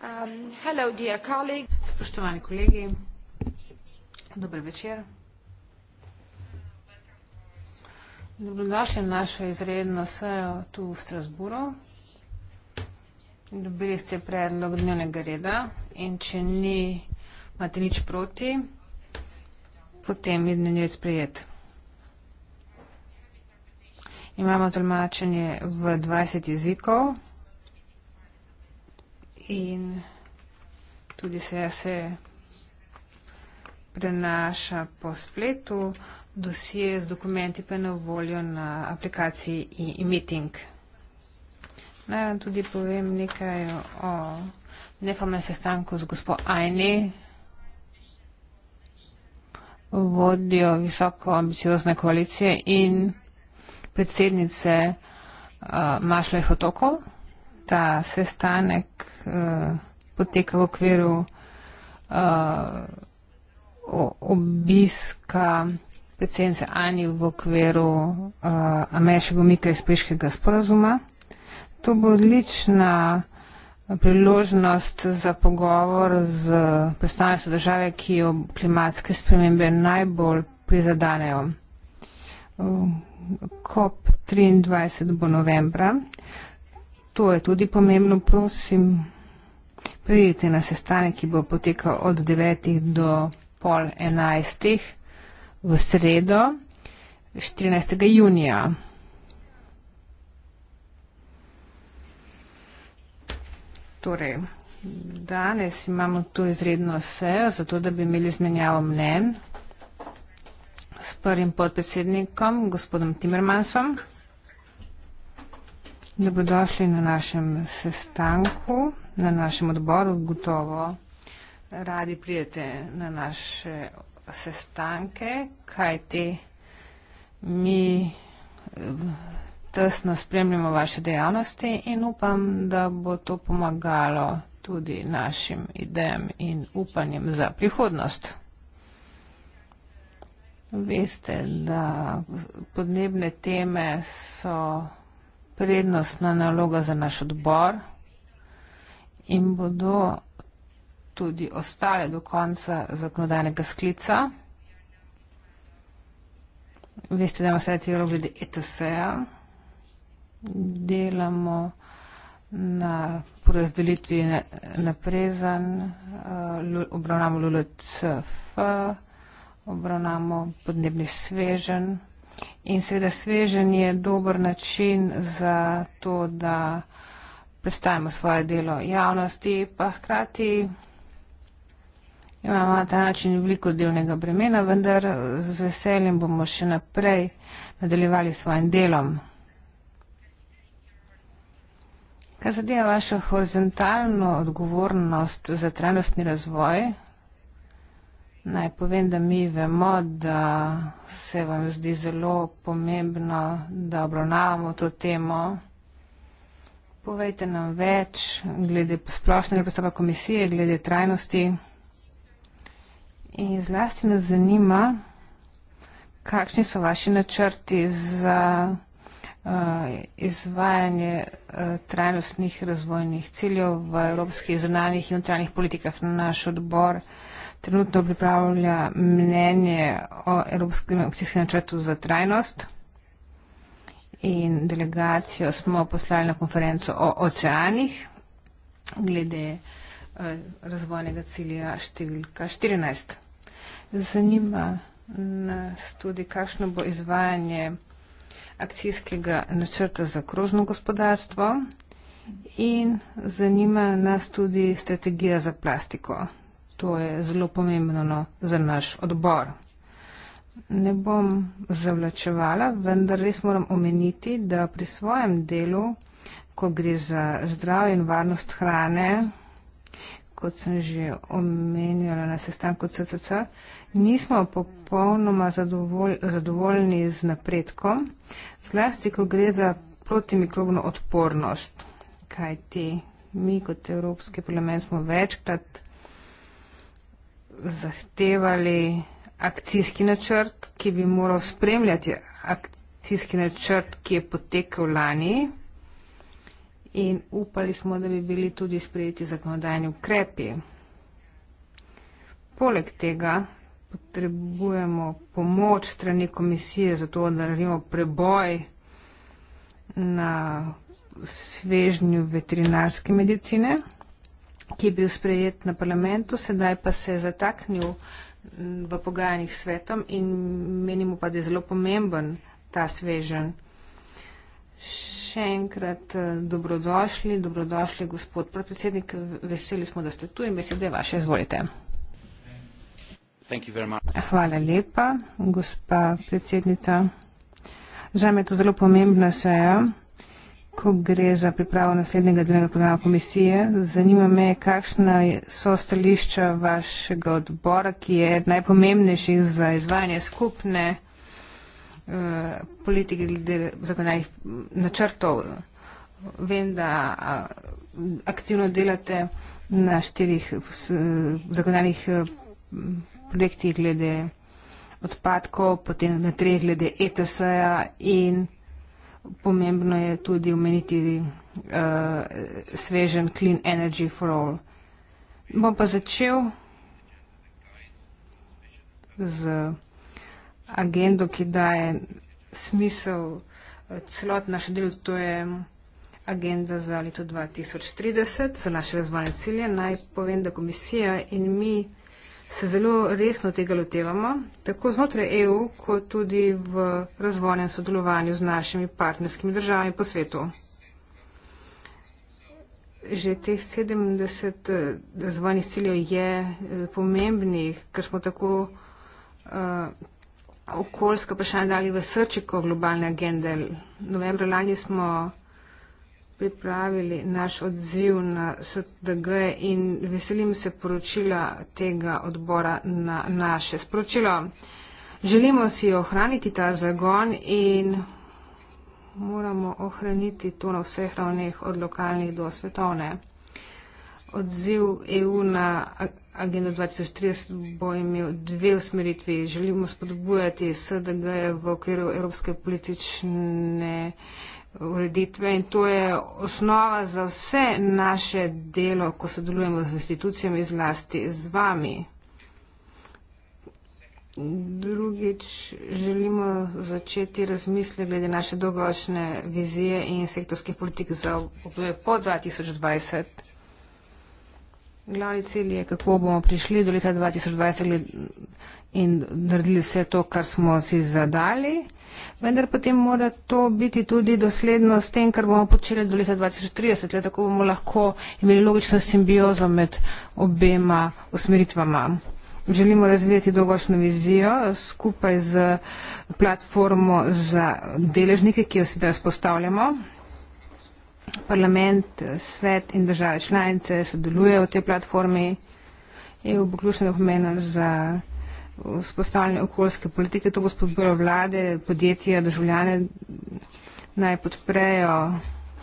Um, hello, dear colleagues. Spoštovani kolegi, dober večer. Dobrodošli na našo izredno sejo tu v Strasbourgu. Dobili ste predlog dnevnega reda in če ni, imate nič proti, potem je dnevni red sprejet. Imamo tolmačenje v 20 jezikov in tudi se jaz se prenaša po spletu. Dosije z dokumenti pa je na voljo na aplikaciji e-meeting. Naj vam tudi povem nekaj o neformalnem sestanku z gospo Ajni, vodjo visoko ambiciozne koalicije in predsednice uh, Mašlej Fotokov ta sestanek uh, poteka v okviru uh, obiska predsednice Ani v okviru uh, eh, ameriškega umika iz priškega sporazuma. To bo odlična priložnost za pogovor z predstavnico države, ki jo klimatske spremembe najbolj prizadanejo. COP23 bo novembra. Uh, To je tudi pomembno, prosim. Pridite na sestanek, ki bo potekal od 9. do pol 11. v sredo, 14. junija. Torej, danes imamo to izredno sejo, zato da bi imeli zmenjavo mnen s prvim podpredsednikom, gospodom Timmermansom. Dobrodošli na našem sestanku, na našem odboru. Gotovo radi prijete na naše sestanke, kaj te mi eh, tesno spremljamo vaše dejavnosti in upam, da bo to pomagalo tudi našim idejam in upanjem za prihodnost. Veste, da podnebne teme so prednostna naloga za naš odbor in bodo tudi ostale do konca zakonodajnega sklica. Veste, da imamo sedaj telo glede ETS-ja. Delamo na porazdelitvi naprezan, eh, obravnamo LULCF, obravnamo podnebni svežen, In seveda svežen je dober način za to, da predstavimo svoje delo javnosti, pa hkrati imamo na ta način veliko delnega bremena, vendar z veseljem bomo še naprej nadaljevali svojim delom. Kar zadeva vašo horizontalno odgovornost za trajnostni razvoj, Naj povem, da mi vemo, da se vam zdi zelo pomembno, da obravnavamo to temo. Povejte nam več glede splošne predstava komisije, glede trajnosti. In zlasti nas zanima, kakšni so vaši načrti za uh, izvajanje uh, trajnostnih razvojnih ciljev v evropskih zunanjih in notranjih politikah na naš odbor trenutno pripravlja mnenje o Evropskem akcijskem načrtu za trajnost in delegacijo smo poslali na konferenco o oceanih glede eh, razvojnega cilja številka 14. Zanima nas tudi, kakšno bo izvajanje akcijskega načrta za krožno gospodarstvo in zanima nas tudi strategija za plastiko. To je zelo pomembno no, za naš odbor. Ne bom zavlačevala, vendar res moram omeniti, da pri svojem delu, ko gre za zdravje in varnost hrane, kot sem že omenjala na sestanku CCC, nismo popolnoma zadovolj, zadovoljni z napredkom, zlasti, ko gre za protimikrobno odpornost. Kajti mi kot Evropski parlament smo večkrat zahtevali akcijski načrt, ki bi moral spremljati akcijski načrt, ki je potekel lani in upali smo, da bi bili tudi sprejeti zakonodajni ukrepi. Poleg tega potrebujemo pomoč strani komisije za to, da naredimo preboj na svežnju veterinarske medicine ki je bil sprejet na parlamentu, sedaj pa se je zataknil v pogajanjih svetom in menimo pa, da je zelo pomemben ta svežen. Še enkrat eh, dobrodošli, dobrodošli gospod predsednik, veseli smo, da ste tu in besede je vaše, izvolite. Hvala lepa, gospa predsednica. Zame je to zelo pomembna seja ko gre za pripravo naslednjega dnevnega programa komisije. Zanima me, kakšna so stališča vašega odbora, ki je najpomembnejših za izvajanje skupne uh, politike glede zakonodajnih načrtov. Vem, da uh, aktivno delate na štirih uh, zakonodajnih uh, projektih glede odpadkov, potem na treh glede ETS-a in pomembno je tudi omeniti uh, svežen Clean Energy for All. Bom pa začel z agendo, ki daje smisel eh, celot naše delo, to je agenda za leto 2030, za naše razvojne cilje. Naj povem, da komisija in mi se zelo resno tega lotevamo, tako znotraj EU, kot tudi v razvojnem sodelovanju z našimi partnerskimi državami po svetu. Že teh 70 eh, razvojnih ciljev je eh, pomembnih, ker smo tako uh, okoljska vprašanja dali v srčiko globalne agende. Novembra lani smo pripravili naš odziv na SDG in veselim se poročila tega odbora na naše sporočilo. Želimo si ohraniti ta zagon in moramo ohraniti to na vseh ravneh od lokalnih do svetovne. Odziv EU na agendo 2030 bo imel dve usmeritvi. Želimo spodbujati SDG v okviru evropske politične ureditve in to je osnova za vse naše delo, ko sodelujemo z institucijami, zlasti z vami. Drugič, želimo začeti razmisle glede naše dolgočne vizije in sektorskih politik za obdobje po 2020. Glavni cilj je, kako bomo prišli do leta 2020 in naredili vse to, kar smo si zadali, vendar potem mora to biti tudi dosledno s tem, kar bomo počeli do leta 2030, le tako bomo lahko imeli logično simbiozo med obema usmeritvama. Želimo razvijati dolgošno vizijo skupaj z platformo za deležnike, ki jo sedaj spostavljamo parlament, svet in države članice sodelujejo v tej platformi. EU bo ključnega pomena za vzpostavljanje okoljske politike, to bo spodbujalo vlade, podjetja, državljane naj podprejo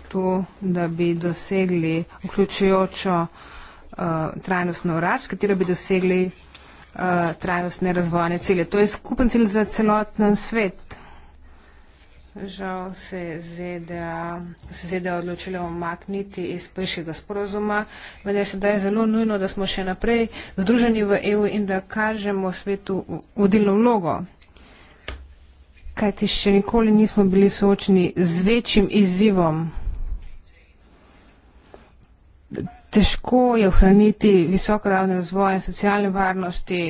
to, da bi dosegli vključujočo uh, trajnostno rast, katero bi dosegli uh, trajnostne razvojne cilje. To je skupen cilj za celoten svet. Žal se je ZDA, se ZDA odločila omakniti iz prejšnjega sporozuma, vendar je sedaj zelo nujno, da smo še naprej združeni v EU in da kažemo svetu vodilno vlogo. Kajti še nikoli nismo bili soočeni z večjim izzivom. Težko je ohraniti visoko ravno razvoja in socialne varnosti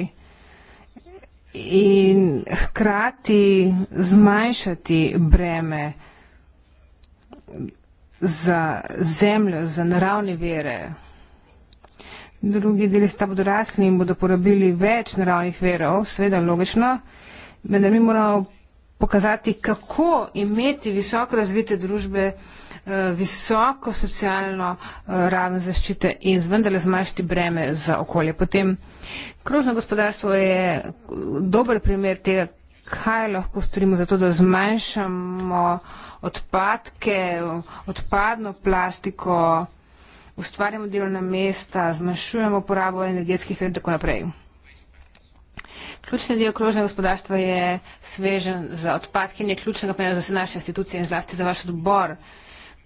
in hkrati zmanjšati breme za zemljo, za naravne vere. Drugi deli sta bodo rasli in bodo porabili več naravnih verov, seveda logično, vendar mi moramo pokazati, kako imeti visoko razvite družbe, Eh, visoko socialno eh, raven zaščite in vendarle zmanjšati breme za okolje. Potem krožno gospodarstvo je dober primer tega, kaj lahko storimo za to, da zmanjšamo odpadke, odpadno plastiko, ustvarjamo delovna mesta, zmanjšujemo porabo energetskih in tako naprej. Ključni del krožnega gospodarstva je svežen za odpadke in je ključen za vse naše institucije in zlasti za vaš odbor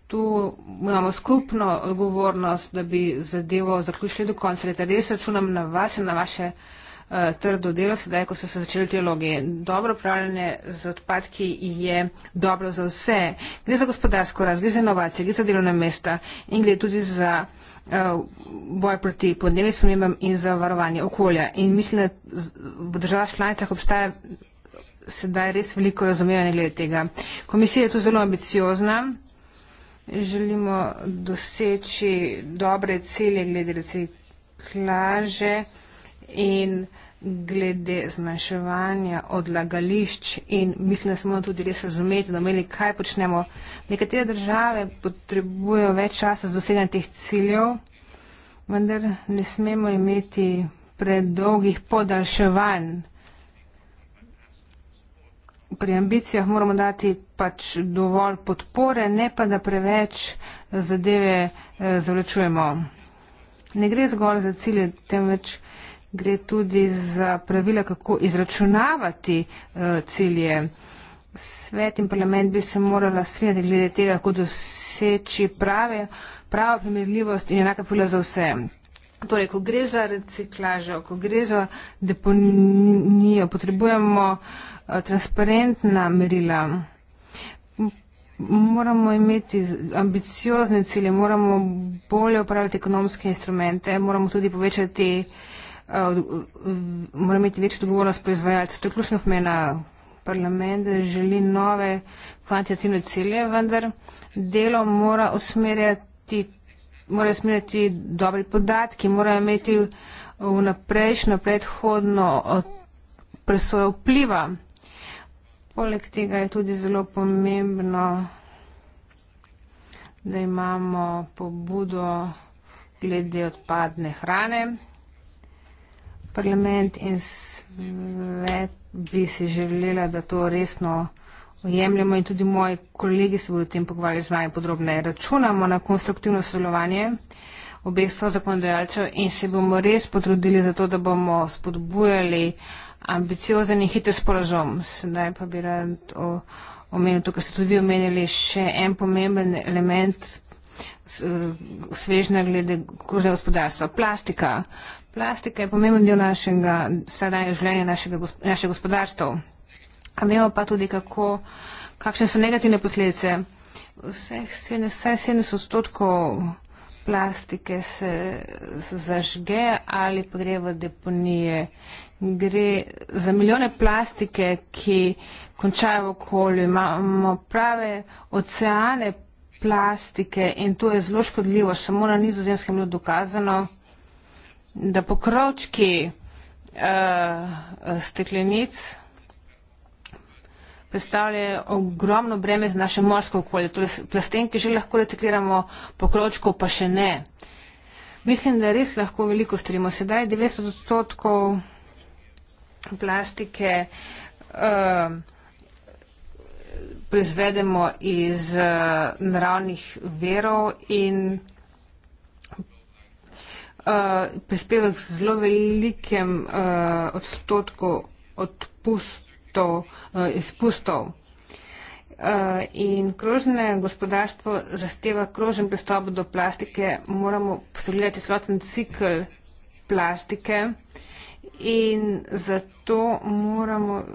tu imamo skupno odgovornost, da bi zadevo zaključili do konca leta. Res računam na vas in na vaše uh, trdo delo, sedaj, ko so se začeli te loge. Dobro upravljanje z odpadki je dobro za vse. Gre za gospodarsko rast, gre za inovacije, gre za delovne mesta in gre tudi za uh, boj proti podnebnim spremembam in za varovanje okolja. In mislim, da v državah članicah obstaja sedaj res veliko razumevanje glede tega. Komisija je tu zelo ambiciozna želimo doseči dobre cilje glede reciklaže in glede zmanjševanja odlagališč in mislim, da smo tudi res razumeti, da meni kaj počnemo. Nekatere države potrebujejo več časa za doseganje teh ciljev, vendar ne smemo imeti predolgih podaljševanj. Pri ambicijah moramo dati pač dovolj podpore, ne pa da preveč zadeve eh, zavlačujemo. Ne gre zgolj za cilje, temveč gre tudi za pravila, kako izračunavati eh, cilje. Svet in parlament bi se morala srediti glede tega, kako doseči prave, pravo primerljivost in enaka pravila za vse. Torej, ko gre za reciklažo, ko gre za deponijo, potrebujemo eh, transparentna merila moramo imeti ambiciozne cilje, moramo bolje upravljati ekonomske instrumente, moramo tudi povečati, uh, moramo imeti večjo odgovornost proizvajalcev. To je ključno pomena. Parlament želi nove kvantitativne cilje, vendar delo mora usmerjati, mora usmerjati dobri podatki, mora imeti vnaprejšnjo predhodno presojo vpliva. Poleg tega je tudi zelo pomembno, da imamo pobudo glede odpadne hrane. Parlament in svet bi si želela, da to resno ojemljamo in tudi moji kolegi se bodo o tem pogovarjali z mojim podrobneje. Računamo na konstruktivno sodelovanje obeh so zakonodajalcev in se bomo res potrudili za to, da bomo spodbujali uh, ambiciozen in hiter sporozum. Sedaj pa bi rad omenil to, kar ste tudi vi omenili, še en pomemben element eh, svežna glede kružnega gospodarstva. Plastika. Plastika je pomemben del našega, sedajnega življenja našega, našega gospodarstva. A vemo pa tudi, kako, kakšne so negativne posledice. Vseh 70 odstotkov plastike se zažge ali pa gre v deponije gre za milijone plastike, ki končajo v okolju. Imamo prave oceane plastike in to je zelo škodljivo. Samo na nizozemskem je bilo dokazano, da pokrovčki uh, steklenic predstavljajo ogromno breme za naše morsko okolje. Torej, plastenke že lahko recikliramo, pokrovčkov pa še ne. Mislim, da res lahko veliko strimo. Sedaj 90 odstotkov plastike ehm, proizvedemo iz eh, naravnih verov in eh, prispevek z zelo velikem eh, odstotku odpustov, izpustov. In krožne gospodarstvo zahteva krožen pristop do plastike. Moramo posledati celoten cikl plastike, uh, in zato moramo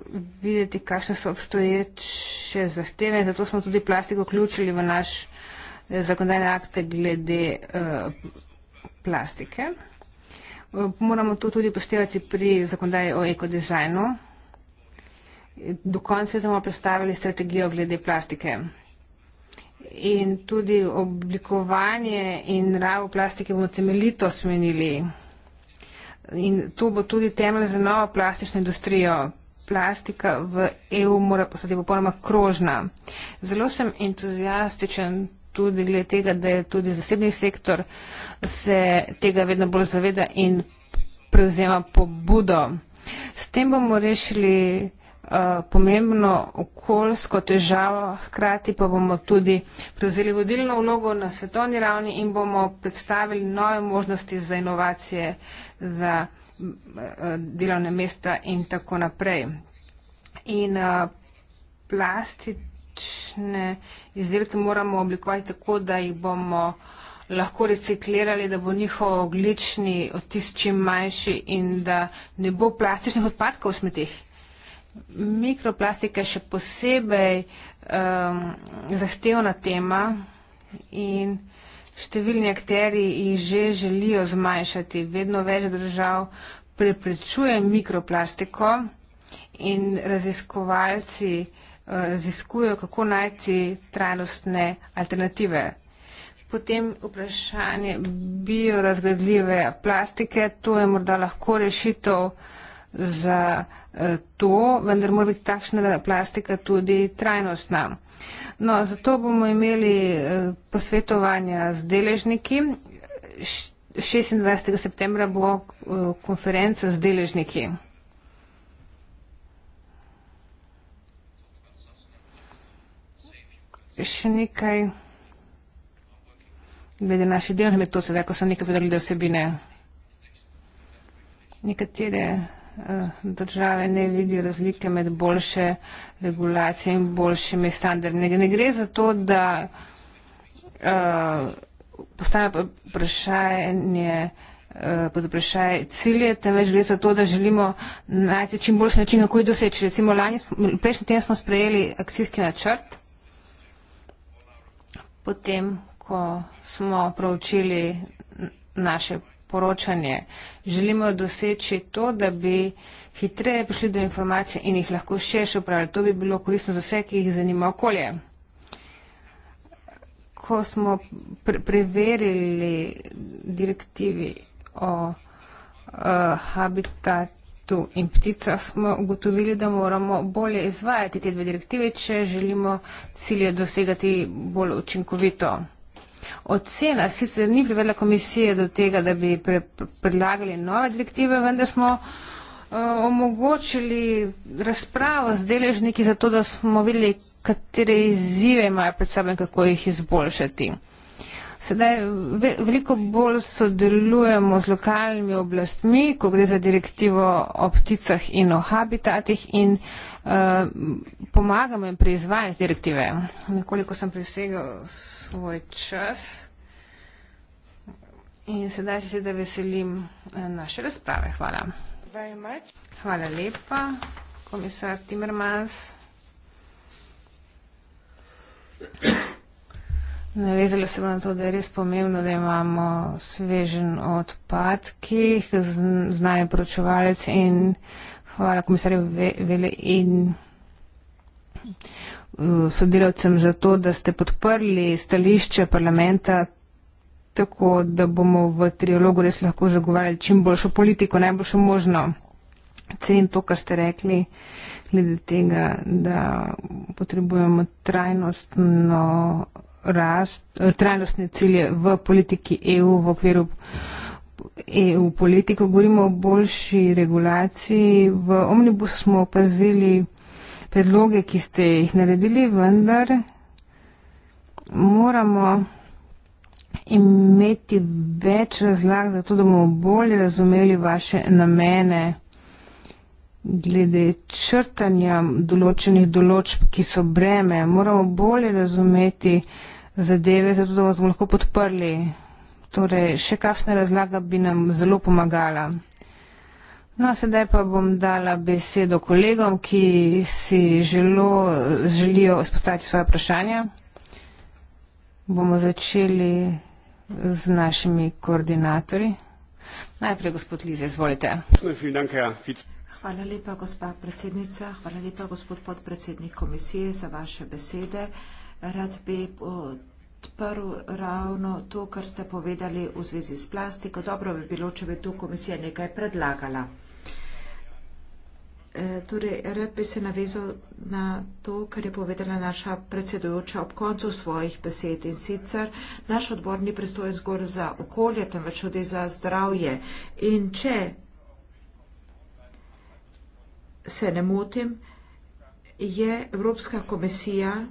videti, kakšne so obstoječe zahteve in zato smo tudi plastiko vključili v naš eh, zakonodajne akte glede eh, plastike. Eh, moramo to tudi poštevati pri zakonodaji o ekodizajnu. Do konca bomo predstavili strategijo glede plastike. In tudi oblikovanje in ravo plastike bomo temeljito spremenili. In to bo tudi temelj za novo plastično industrijo. Plastika v EU mora postati popolnoma krožna. Zelo sem entuzijastičen tudi glede tega, da je tudi zasebni sektor se tega vedno bolj zaveda in prevzema pobudo. S tem bomo rešili Eh, pomembno okoljsko težavo, hkrati pa bomo tudi prevzeli vodilno vlogo na svetovni ravni in bomo predstavili nove možnosti za inovacije, za eh, delovne mesta in tako naprej. In eh, plastične izdelke moramo oblikovati tako, da jih bomo lahko reciklirali, da bo njihov oglični odtis čim manjši in da ne bo plastičnih odpadkov v smetih. Mikroplastika je še posebej um, zahtevna tema in številni akteri jih že želijo zmanjšati. Vedno več držav preprečuje mikroplastiko in raziskovalci uh, raziskujejo, kako najti trajnostne alternative. Potem vprašanje biorazgradljive plastike, to je morda lahko rešitev za to, vendar mora biti takšna plastika tudi trajnostna. No, zato bomo imeli eh, posvetovanja z deležniki. 26. septembra bo eh, konferenca z deležniki. Še nekaj, glede naše delovne metode, ko so nekaj podarili osebine. Nekatere Eh, države ne vidijo razlike med boljše regulacije in boljšimi standardi. Ne, ne gre za to, da uh, eh, postane vprašanje eh, pod vprašaj cilje, temveč gre za to, da želimo najti čim boljši način, kako jih doseči. Recimo, lani, prejšnji teden smo sprejeli akcijski načrt, potem, ko smo proučili naše poročanje. Želimo doseči to, da bi hitreje prišli do informacij in jih lahko širše upravljali. To bi bilo koristno za vse, ki jih zanima okolje. Ko smo pre preverili direktivi o uh, habitatu in pticah, smo ugotovili, da moramo bolje izvajati te dve direktive, če želimo cilje dosegati bolj učinkovito. Ocena sicer ni privedla komisije do tega, da bi pre, predlagali nove direktive, vendar smo uh, omogočili razpravo z deležniki, zato da smo videli, katere izzive imajo pred sabo in kako jih izboljšati. Sedaj veliko bolj sodelujemo z lokalnimi oblastmi, ko gre za direktivo o pticah in o habitatih in uh, pomagamo jim pri izvajanju direktive. Nekoliko sem presegel svoj čas in sedaj se da veselim eh, naše razprave. Hvala. Hvala lepa, komisar Timmermans. Navezala se bom na to, da je res pomembno, da imamo svežen odpadkih, znanje poročevalec in hvala komisarju Vele in uh, sodelavcem za to, da ste podprli stališče parlamenta, tako da bomo v triologu res lahko zagovarjali čim boljšo politiko, najboljšo možno. Cenim to, kar ste rekli, glede tega, da potrebujemo trajnostno rast, eh, trajnostne cilje v politiki EU, v okviru EU politiko, govorimo o boljši regulaciji. V omnibusu smo opazili predloge, ki ste jih naredili, vendar moramo imeti več razlag za to, da bomo bolje razumeli vaše namene glede črtanja določenih določb, ki so breme, moramo bolje razumeti zadeve, zato da vas bomo lahko podprli. Torej, še kakšna razlaga bi nam zelo pomagala. No, sedaj pa bom dala besedo kolegom, ki si želo, želijo spostaviti svoje vprašanja. Bomo začeli z našimi koordinatorji. Najprej gospod Lize, izvolite. Hvala, Hvala lepa, gospa predsednica. Hvala lepa, gospod podpredsednik komisije, za vaše besede. Rad bi odprl ravno to, kar ste povedali v zvezi s plastiko. Dobro bi bilo, če bi tu komisija nekaj predlagala. E, torej, rad bi se navezal na to, kar je povedala naša predsedujoča ob koncu svojih besed in sicer naš odbor ni pristojen zgolj za okolje, temveč tudi za zdravje. In če se ne motim, je Evropska komisija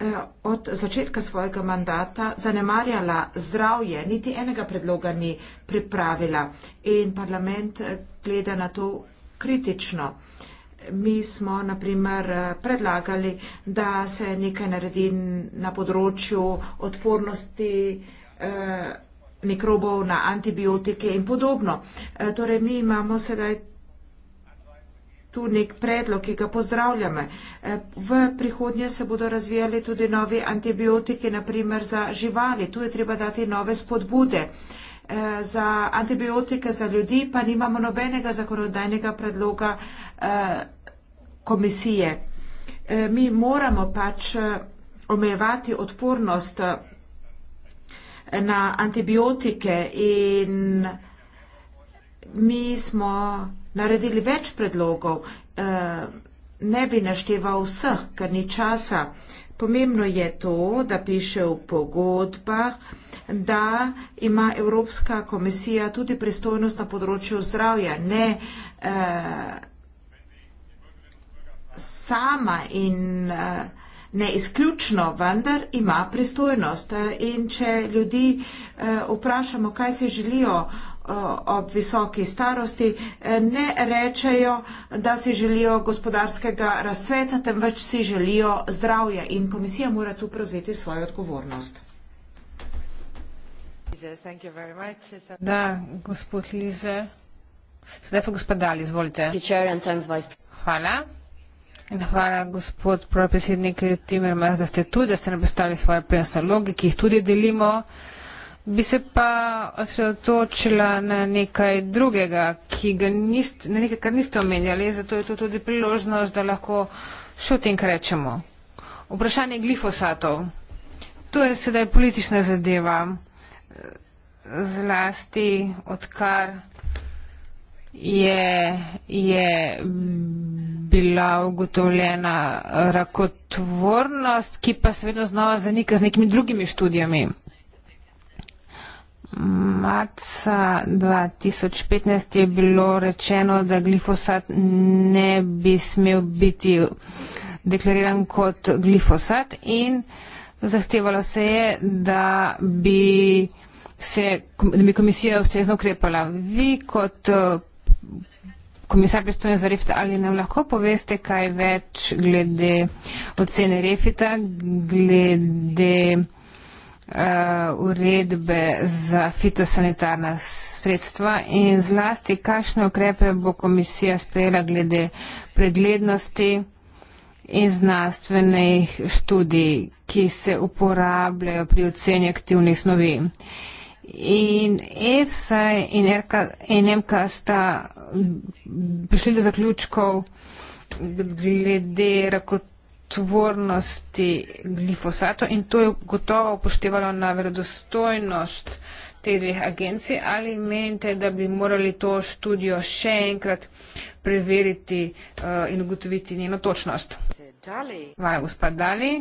eh, od začetka svojega mandata zanemarjala zdravje, niti enega predloga ni pripravila in parlament eh, gleda na to kritično. Mi smo naprimer eh, predlagali, da se nekaj naredi na področju odpornosti eh, mikrobov na antibiotike in podobno. Eh, torej, mi imamo sedaj tu nek predlog, ki ga pozdravljame. V prihodnje se bodo razvijali tudi novi antibiotiki, naprimer za živali. Tu je treba dati nove spodbude. E, za antibiotike za ljudi pa nimamo nobenega zakonodajnega predloga e, komisije. E, mi moramo pač omejevati odpornost na antibiotike in antibiotike mi smo naredili več predlogov, eh, ne bi našteval vseh, ker ni časa. Pomembno je to, da piše v pogodbah, da ima Evropska komisija tudi pristojnost na področju zdravja, ne eh, sama in eh, ne izključno, vendar ima pristojnost. In če ljudi vprašamo, kaj se želijo vprašati, ob visoki starosti, eh, ne rečejo, da si želijo gospodarskega razsveta, temveč si želijo zdravje in komisija mora tu prevzeti svojo odgovornost. Da, gospod Lize. Zdaj pa gospod Dali, izvolite. Hvala. In hvala, gospod predsednik Timerman, da ste tu, da ste nam postali svoje plesaloge, ki jih tudi delimo. Bi se pa osredotočila na nekaj drugega, nist, na nekaj, kar niste omenjali, zato je to tudi priložnost, da lahko še o tem rečemo. Vprašanje glifosatov. To je sedaj politična zadeva, zlasti odkar je, je bila ugotovljena rakotvornost, ki pa se vedno znova zanika z nekimi drugimi študijami marca 2015 je bilo rečeno, da glifosat ne bi smel biti deklariran kot glifosat in zahtevalo se je, da bi, se, da bi komisija ustrezno ukrepala. Vi kot eh, komisar pristojen za Refit, ali nam lahko poveste kaj več glede ocene Refita, glede uh, uredbe za fitosanitarna sredstva in zlasti, kakšne ukrepe bo komisija sprejela glede preglednosti in znanstvenih študij, ki se uporabljajo pri oceni aktivnih snovi. In EFSA in, RK, in MK sta prišli do zaključkov glede rakotnosti tvornosti glifosatov in to je gotovo upoštevalo na verodostojnost teh dveh agencij. Ali menite, da bi morali to študijo še enkrat preveriti uh, in ugotoviti njeno točnost? Hvala, gospod Dali.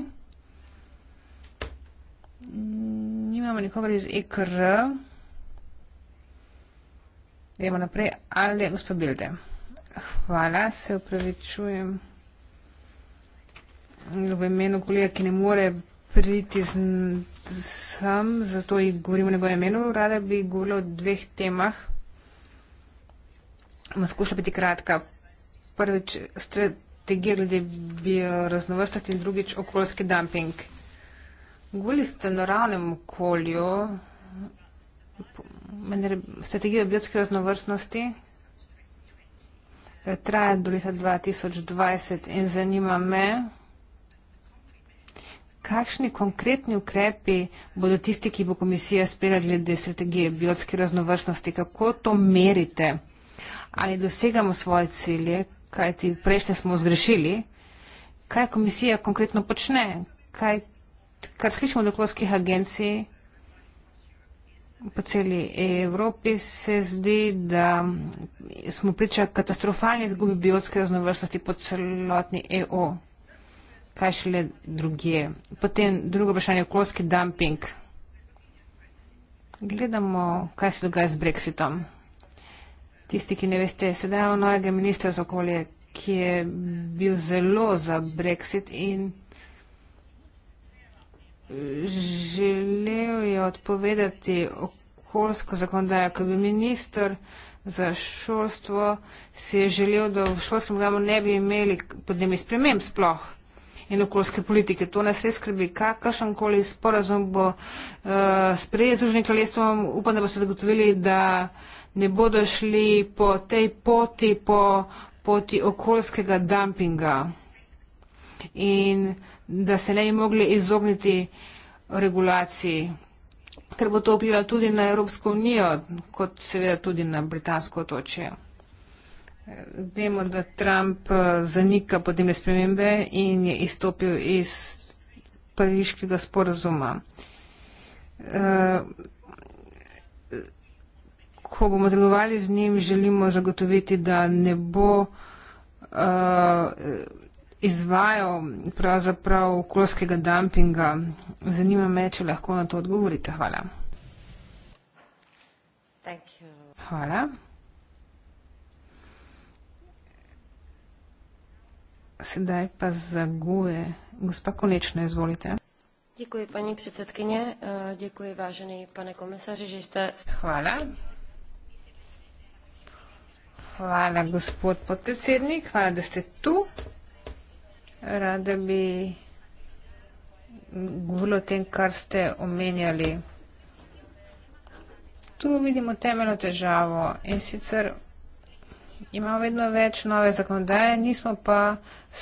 Nimamo nikogar iz EKR. Gremo naprej. Ali, gospod Bilde. Hvala, se upravičujem v imenu kolega, ki ne more priti z, sem, zato jih govorim v njegovem imenu. Rada bi govorila o dveh temah. Ma skušala biti kratka. Prvič, strategija glede bioraznovrstnosti in drugič, okoljski dumping. Govorili ste o naravnem okolju, strategijo biotske raznovrstnosti eh, traja do leta 2020 in zanima me, Kakšni konkretni ukrepi bodo tisti, ki bo komisija sprejela glede strategije biotske raznovrstnosti, kako to merite? Ali dosegamo svoje cilje, kaj ti prejšnje smo zgrešili? Kaj komisija konkretno počne? Kaj, kar slišimo od okoljskih agencij po celi Evropi, se zdi, da smo priča katastrofalni izgubi biotske raznovrstnosti po celotni EU kaj šele druge. Potem drugo vprašanje, okoljski dumping. Gledamo, kaj se dogaja z Brexitom. Tisti, ki ne veste, sedaj imamo novega ministra za okolje, ki je bil zelo za Brexit in želel je odpovedati okoljsko zakonodajo, ko bi minister za šolstvo si je želel, da v šolskem programu ne bi imeli podnebnih sprememb sploh in okoljske politike. To nas res skrbi. Kakršen koli sporazum bo uh, sprejet z Združenim kraljestvom, upam, da boste zagotovili, da ne bodo šli po tej poti, po poti okoljskega dumpinga in da se ne bi mogli izogniti regulaciji, ker bo to vplivalo tudi na Evropsko unijo, kot seveda tudi na Britansko otočje. Vemo, da Trump eh, zanika podnebne spremembe in je izstopil iz pariškega sporazuma. Eh, ko bomo trgovali z njim, želimo zagotoviti, da ne bo eh, izvajal pravzaprav okoljskega dumpinga. Zanima me, če lahko na to odgovorite. Hvala. Thank you. Hvala. Sedaj pa za GUE. Gospa Konečna, izvolite. Děkuji, paní předsedkyně. Eh, děkuji, vážený pane komisaři, že jste... Hvala. Hvala, gospod podpredsednik. Hvala, da ste tu. Rada bi govorila o tem, kar ste omenjali. Tu vidimo temeljno težavo in sicer imamo vedno več nove zakonodaje, nismo pa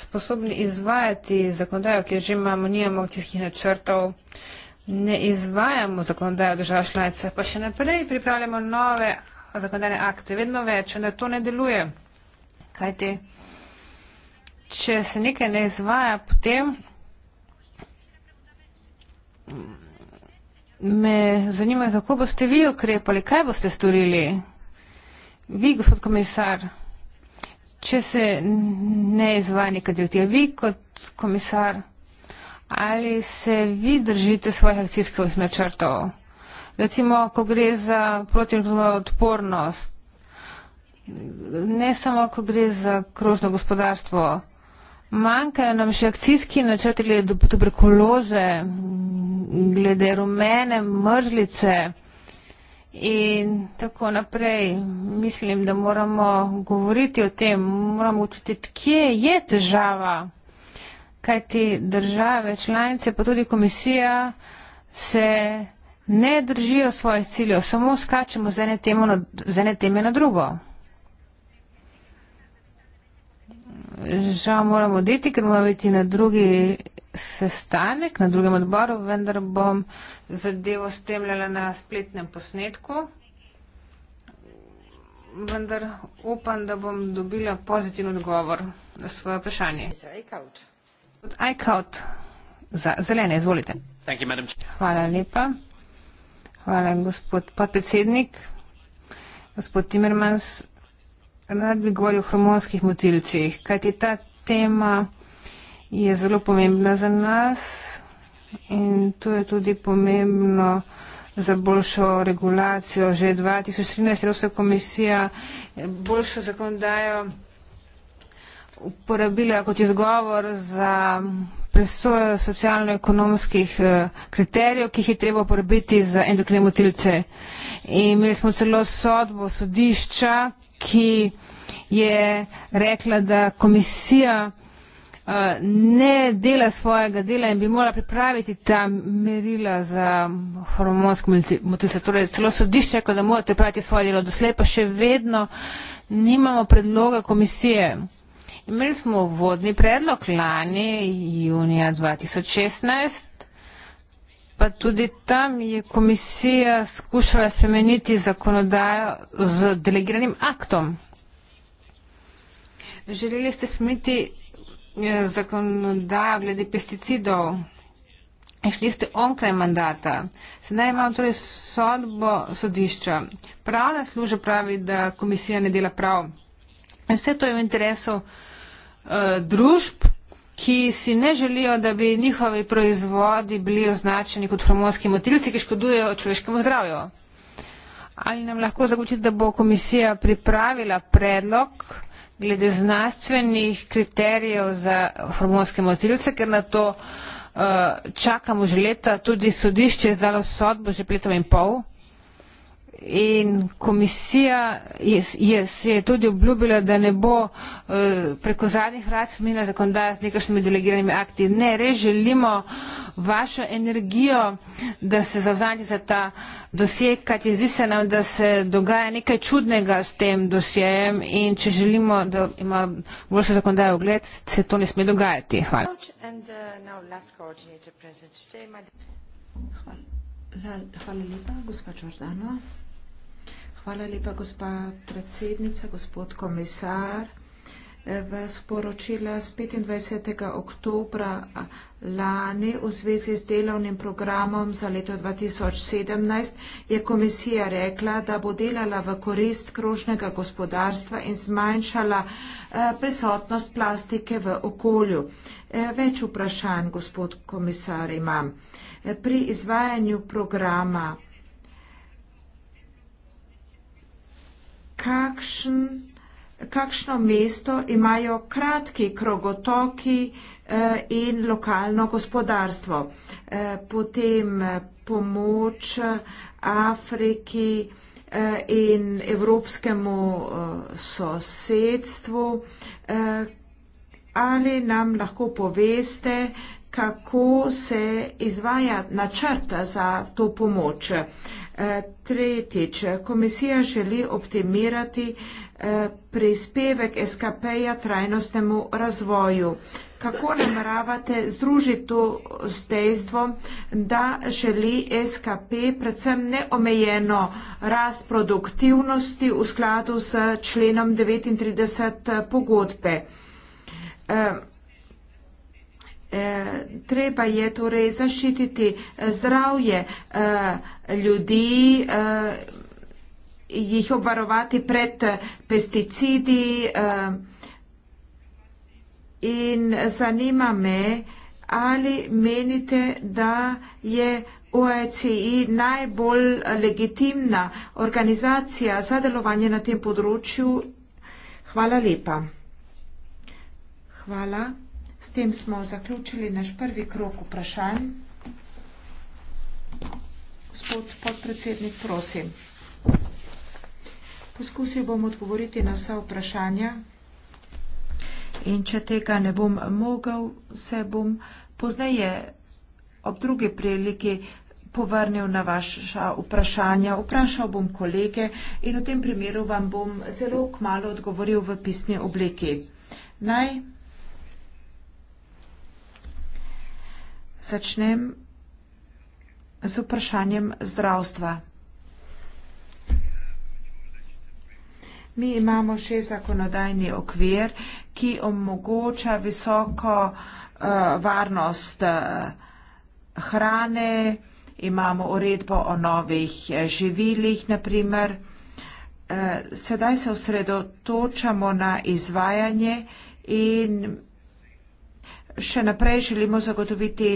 sposobni izvajati zakonodajo, ki jo že imamo, nijemo tistih načrtov, ne izvajamo zakonodajo država šlajca, pa še naprej pripravljamo nove zakonodajne akte, vedno več, vendar to ne deluje. Kajti, če se nekaj ne izvaja, potem me zanima, kako boste vi ukrepali, kaj boste storili, kaj boste storili, Vi, gospod komisar, če se ne izvaja neka direktiva, vi kot komisar, ali se vi držite svojih akcijskih načrtov? Recimo, ko gre za protivno odpornost, ne samo, ko gre za krožno gospodarstvo, manjkajo nam še akcijski načrti glede tuberkuloze, glede rumene mrzlice, glede in tako naprej. Mislim, da moramo govoriti o tem, moramo učutiti, kje je težava, kaj ti države, članice, pa tudi komisija se ne držijo svojih ciljev, samo skačemo z ene teme na, z ene teme na drugo. Žal moramo deti, ker moramo biti na drugi sestanek na drugem odboru, vendar bom zadevo spremljala na spletnem posnetku. Vendar upam, da bom dobila pozitivni odgovor na svoje vprašanje. iCout za zelene, izvolite. Hvala lepa. Hvala, gospod podpredsednik. Gospod Timmermans, rad bi govoril o hormonskih motilcih, kajti ta tema je zelo pomembna za nas in to je tudi pomembno za boljšo regulacijo. Že 2013 Evropska komisija boljšo zakonodajo uporabila kot izgovor za presojo socialno-ekonomskih eh, kriterijev, ki jih je treba uporabiti za endokrine motilce. In imeli smo celo sodbo sodišča, ki je rekla, da komisija Eh, ne dela svojega dela in bi morala pripraviti ta merila za hormonsko motilce. Torej, celo sodišče je rekla, da morate pripraviti svoje delo. Doslej pa še vedno nimamo predloga komisije. Imeli smo vodni predlog lani, junija 2016, pa tudi tam je komisija skušala spremeniti zakonodajo z delegiranim aktom. Želeli ste spremeniti zakonodajo glede pesticidov. E, šli ste onkraj mandata. Sedaj imam torej sodbo sodišča. Pravna služa pravi, da komisija ne dela prav. Vse to je v interesu uh, družb, ki si ne želijo, da bi njihovi proizvodi bili označeni kot hormonski motilci, ki škodujejo človeškemu zdravju. Ali nam lahko zagotiti, da bo komisija pripravila predlog glede znanstvenih kriterijev za hormonske motilce, ker na to uh, čakamo že leta, tudi sodišče je zdalo sodbo že pet let in pol in komisija je, je, je tudi obljubila, da ne bo uh, preko zadnjih vrat spremenila zakonodaja z nekašnimi delegiranimi akti. Ne, res želimo vašo energijo, da se zavzanje za ta dosje, kajti zdi se nam, da se dogaja nekaj čudnega s tem dosjejem in če želimo, da ima boljša zakonodaja ogled, se to ne sme dogajati. Hvala. Uh, Hvala lepa, gospod Čordano. Hvala lepa, gospa predsednica, gospod komisar. V sporočila z 25. oktobra lani v zvezi z delovnim programom za leto 2017 je komisija rekla, da bo delala v korist krožnega gospodarstva in zmanjšala eh, prisotnost plastike v okolju. Eh, več vprašanj, gospod komisar, imam. Eh, pri izvajanju programa kakšen, kakšno mesto imajo kratki krogotoki eh, in lokalno gospodarstvo. Eh, potem eh, pomoč Afriki in evropskemu sosedstvu. Ali nam lahko poveste, kako se izvaja načrt za to pomoč? Tretjič, komisija želi optimirati eh, prispevek SKP-ja trajnostnemu razvoju. Kako nameravate združiti to s dejstvom, da želi SKP predvsem neomejeno rast produktivnosti v skladu s členom 39 pogodbe? Eh, Eh, treba je torej zaščititi eh, zdravje eh, ljudi, jih obvarovati pred pesticidi in zanima me, ali menite, da je OECI najbolj legitimna organizacija za delovanje na tem področju. Hvala lepa. Hvala. S tem smo zaključili naš prvi krok vprašanj. Gospod podpredsednik, prosim. Poskusil bom odgovoriti na vsa vprašanja in če tega ne bom mogel, se bom pozneje ob drugi priliki povrnil na vaša vprašanja. Vprašal bom kolege in v tem primeru vam bom zelo kmalo odgovoril v pisni obliki. Naj začnem z vprašanjem zdravstva. Mi imamo še zakonodajni okvir, ki omogoča visoko uh, varnost uh, hrane, imamo uredbo o novih eh, živilih, naprimer. Sedaj se osredotočamo na izvajanje in še naprej želimo zagotoviti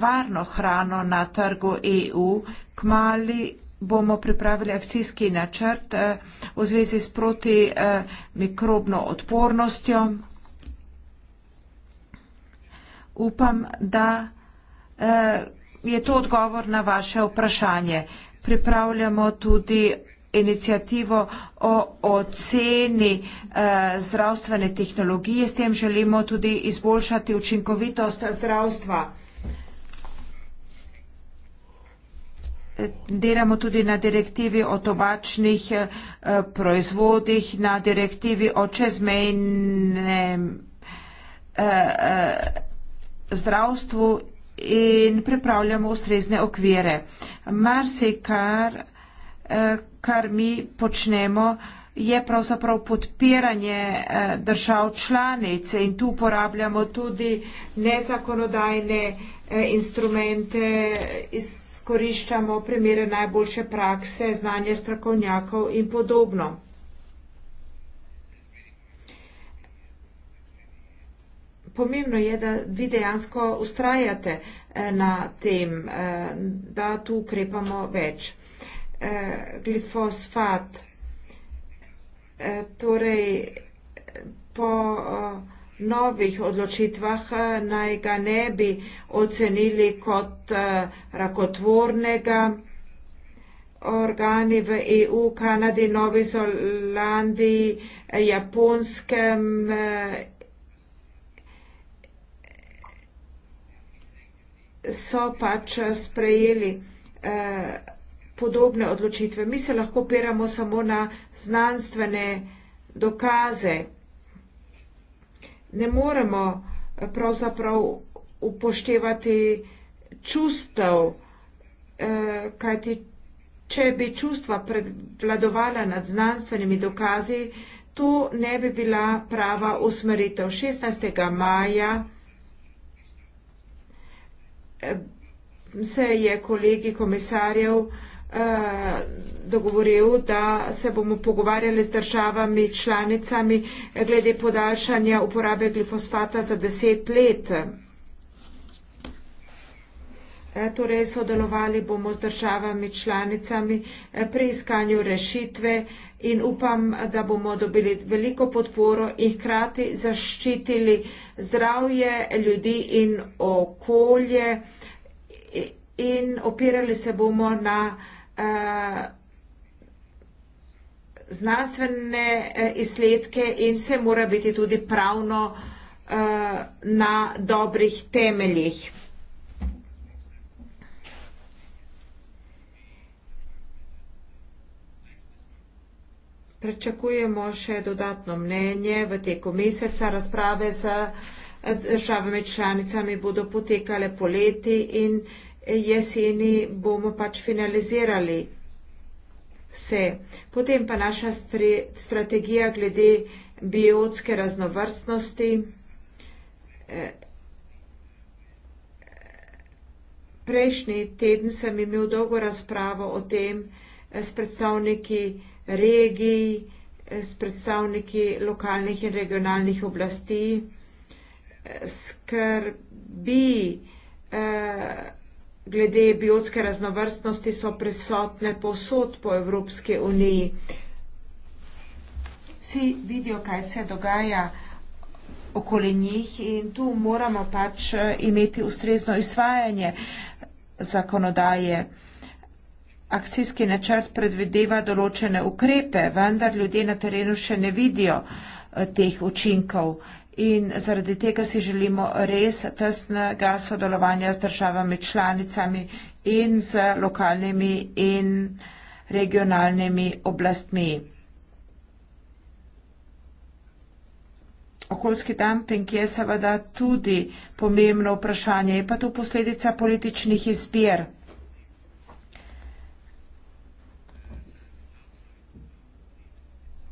varno hrano na trgu EU, kmali bomo pripravili akcijski načrt eh, v zvezi s protimikrobno eh, odpornostjo. Upam, da eh, je to odgovor na vaše vprašanje. Pripravljamo tudi inicijativo o oceni eh, zdravstvene tehnologije. S tem želimo tudi izboljšati učinkovitost zdravstva. Delamo tudi na direktivi o tobačnih eh, proizvodih, na direktivi o čezmejnem eh, eh zdravstvu in pripravljamo ustrezne okvire. Marsikar eh, Eh, kar mi počnemo, je pravzaprav podpiranje eh, držav članice in tu uporabljamo tudi nezakonodajne eh, instrumente, izkoriščamo primere najboljše prakse, znanje strokovnjakov in podobno. Pomembno je, da vi dejansko ustrajate na tem, da tu ukrepamo več eh, glifosfat. Eh, torej, po eh, novih odločitvah eh, naj ga ne bi ocenili kot eh, rakotvornega. Organi v EU, Kanadi, Novi Zelandiji, eh, Japonskem eh, so pač eh, sprejeli podobne odločitve. Mi se lahko opiramo samo na znanstvene dokaze. Ne moremo pravzaprav upoštevati čustev, eh, kajti če bi čustva predvladovala nad znanstvenimi dokazi, to ne bi bila prava usmeritev. 16. maja eh, se je kolegi komisarjev Eh, dogovoril, da se bomo pogovarjali z državami, članicami glede podaljšanja uporabe glifosfata za deset let. Eh, torej, sodelovali bomo z državami, članicami eh, pri iskanju rešitve in upam, da bomo dobili veliko podporo in hkrati zaščitili zdravje ljudi in okolje e, in opirali se bomo na znanstvene e, izsledke in vse mora biti tudi pravno e, na dobrih temeljih. Pričakujemo še dodatno mnenje v teku meseca. Razprave z e, državami članicami bodo potekale poleti in jeseni bomo pač finalizirali vse. Potem pa naša stre, strategija glede biotske raznovrstnosti. Eh, prejšnji teden sem imel dolgo razpravo o tem eh, s predstavniki regij, eh, s predstavniki lokalnih in regionalnih oblasti, skrbi eh, glede biotske raznovrstnosti so prisotne povsod po Evropski uniji. Vsi vidijo, kaj se dogaja okoli njih in tu moramo pač eh, imeti ustrezno izvajanje zakonodaje. Akcijski načrt predvideva določene ukrepe, vendar ljudje na terenu še ne vidijo eh, teh učinkov in zaradi tega si želimo res tesnega sodelovanja z državami članicami in z lokalnimi in regionalnimi oblastmi. Okoljski dumping je seveda tudi pomembno vprašanje, je pa to posledica političnih izbir.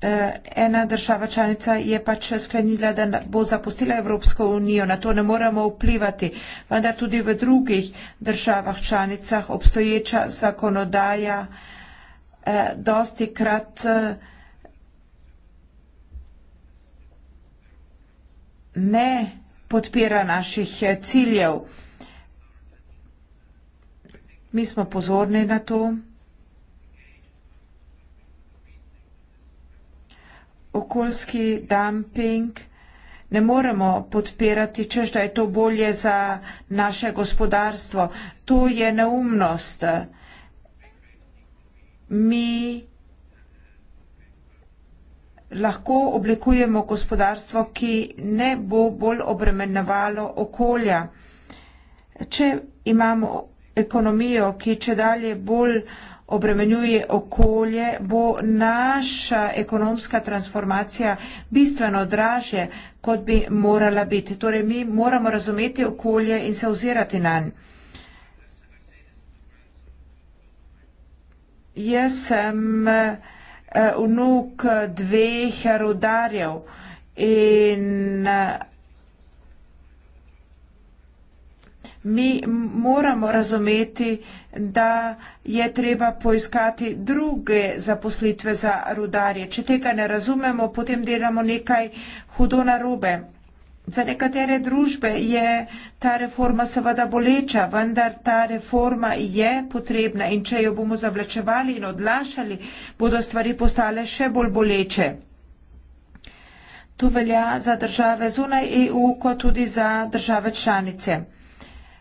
Eh, ena država članica je pač sklenila, da bo zapustila Evropsko unijo. Na to ne moremo vplivati. Vendar tudi v drugih državah članicah obstoječa zakonodaja eh, dosti krat eh, ne podpira naših ciljev. Mi smo pozorni na to. okoljski dumping ne moremo podpirati, čež da je to bolje za naše gospodarstvo. To je neumnost. Mi lahko oblikujemo gospodarstvo, ki ne bo bolj obremenjevalo okolja. Če imamo ekonomijo, ki če dalje bolj obremenjuje okolje, bo naša ekonomska transformacija bistveno dražje, kot bi morala biti. Torej, mi moramo razumeti okolje in se ozirati na nj. Jaz sem eh, vnuk dveh rudarjev in eh, mi moramo razumeti, da je treba poiskati druge zaposlitve za rudarje. Če tega ne razumemo, potem delamo nekaj hudo narobe. Za nekatere družbe je ta reforma seveda boleča, vendar ta reforma je potrebna in če jo bomo zavlačevali in odlašali, bodo stvari postale še bolj boleče. To velja za države zunaj EU, kot tudi za države članice.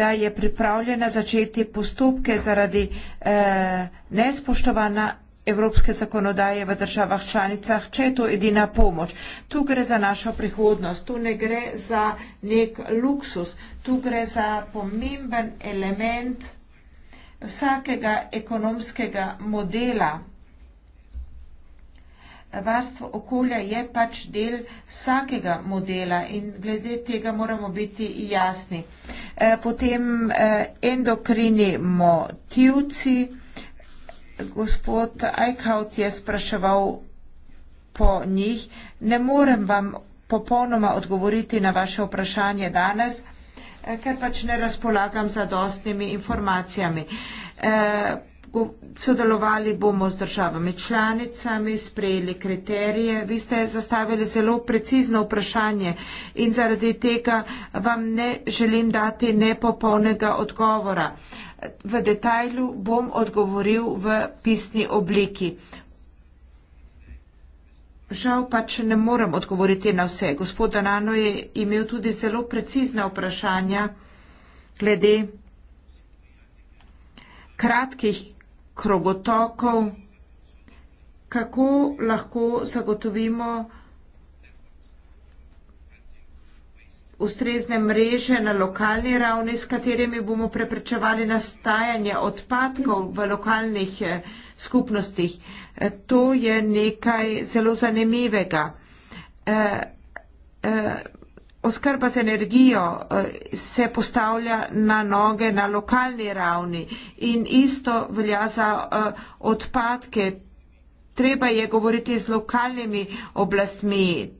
da je pripravljena začeti postopke zaradi eh, nespoštovanja evropske zakonodaje v državah članicah, če je to edina pomoč. Tu gre za našo prihodnost, tu ne gre za nek luksus, tu gre za pomemben element vsakega ekonomskega modela varstvo okolja je pač del vsakega modela in glede tega moramo biti jasni. E, potem e, endokrini motivci. Gospod Eichhout je spraševal po njih. Ne morem vam popolnoma odgovoriti na vaše vprašanje danes, e, ker pač ne razpolagam za dostnimi informacijami sodelovali bomo z državami članicami, sprejeli kriterije. Vi ste zastavili zelo precizno vprašanje in zaradi tega vam ne želim dati nepopolnega odgovora. V detajlu bom odgovoril v pisni obliki. Žal pač ne morem odgovoriti na vse. Gospod Anano je imel tudi zelo precizna vprašanja glede kratkih krogotokov, kako lahko zagotovimo ustrezne mreže na lokalni ravni, s katerimi bomo preprečevali nastajanje odpadkov v lokalnih eh, skupnostih. Eh, to je nekaj zelo zanimivega. Eh, oskrba z energijo eh, se postavlja na noge na lokalni ravni in isto velja za eh, odpadke. Treba je govoriti z lokalnimi oblastmi.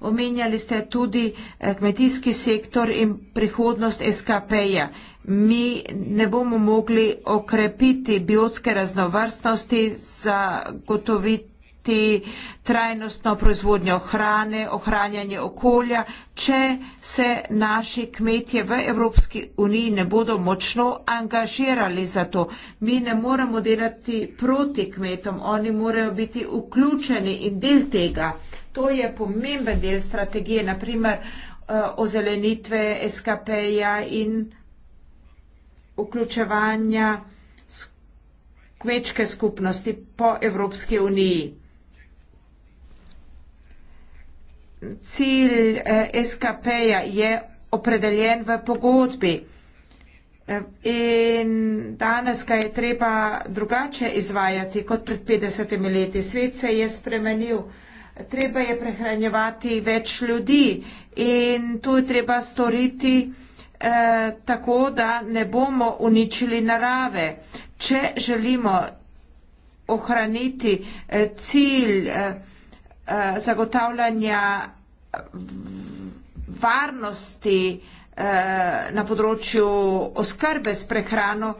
Omenjali ste tudi eh, kmetijski sektor in prihodnost SKP-ja. Mi ne bomo mogli okrepiti biotske raznovrstnosti, zagotoviti te trajnostno proizvodnjo hrane, ohranjanje okolja, če se naši kmetje v Evropski uniji ne bodo močno angažirali za to. Mi ne moremo delati proti kmetom, oni morajo biti vključeni in del tega. To je pomemben del strategije, naprimer eh, ozelenitve SKP-ja in vključevanja kmečke skupnosti po Evropski uniji. cilj eh, SKP-ja je opredeljen v pogodbi eh, in danes ga je treba drugače izvajati kot pred 50 leti. Svet se je spremenil. Treba je prehranjevati več ljudi in tu je treba storiti eh, tako, da ne bomo uničili narave. Če želimo ohraniti eh, cilj eh, Eh, zagotavljanja varnosti eh, na področju oskrbe s prehrano,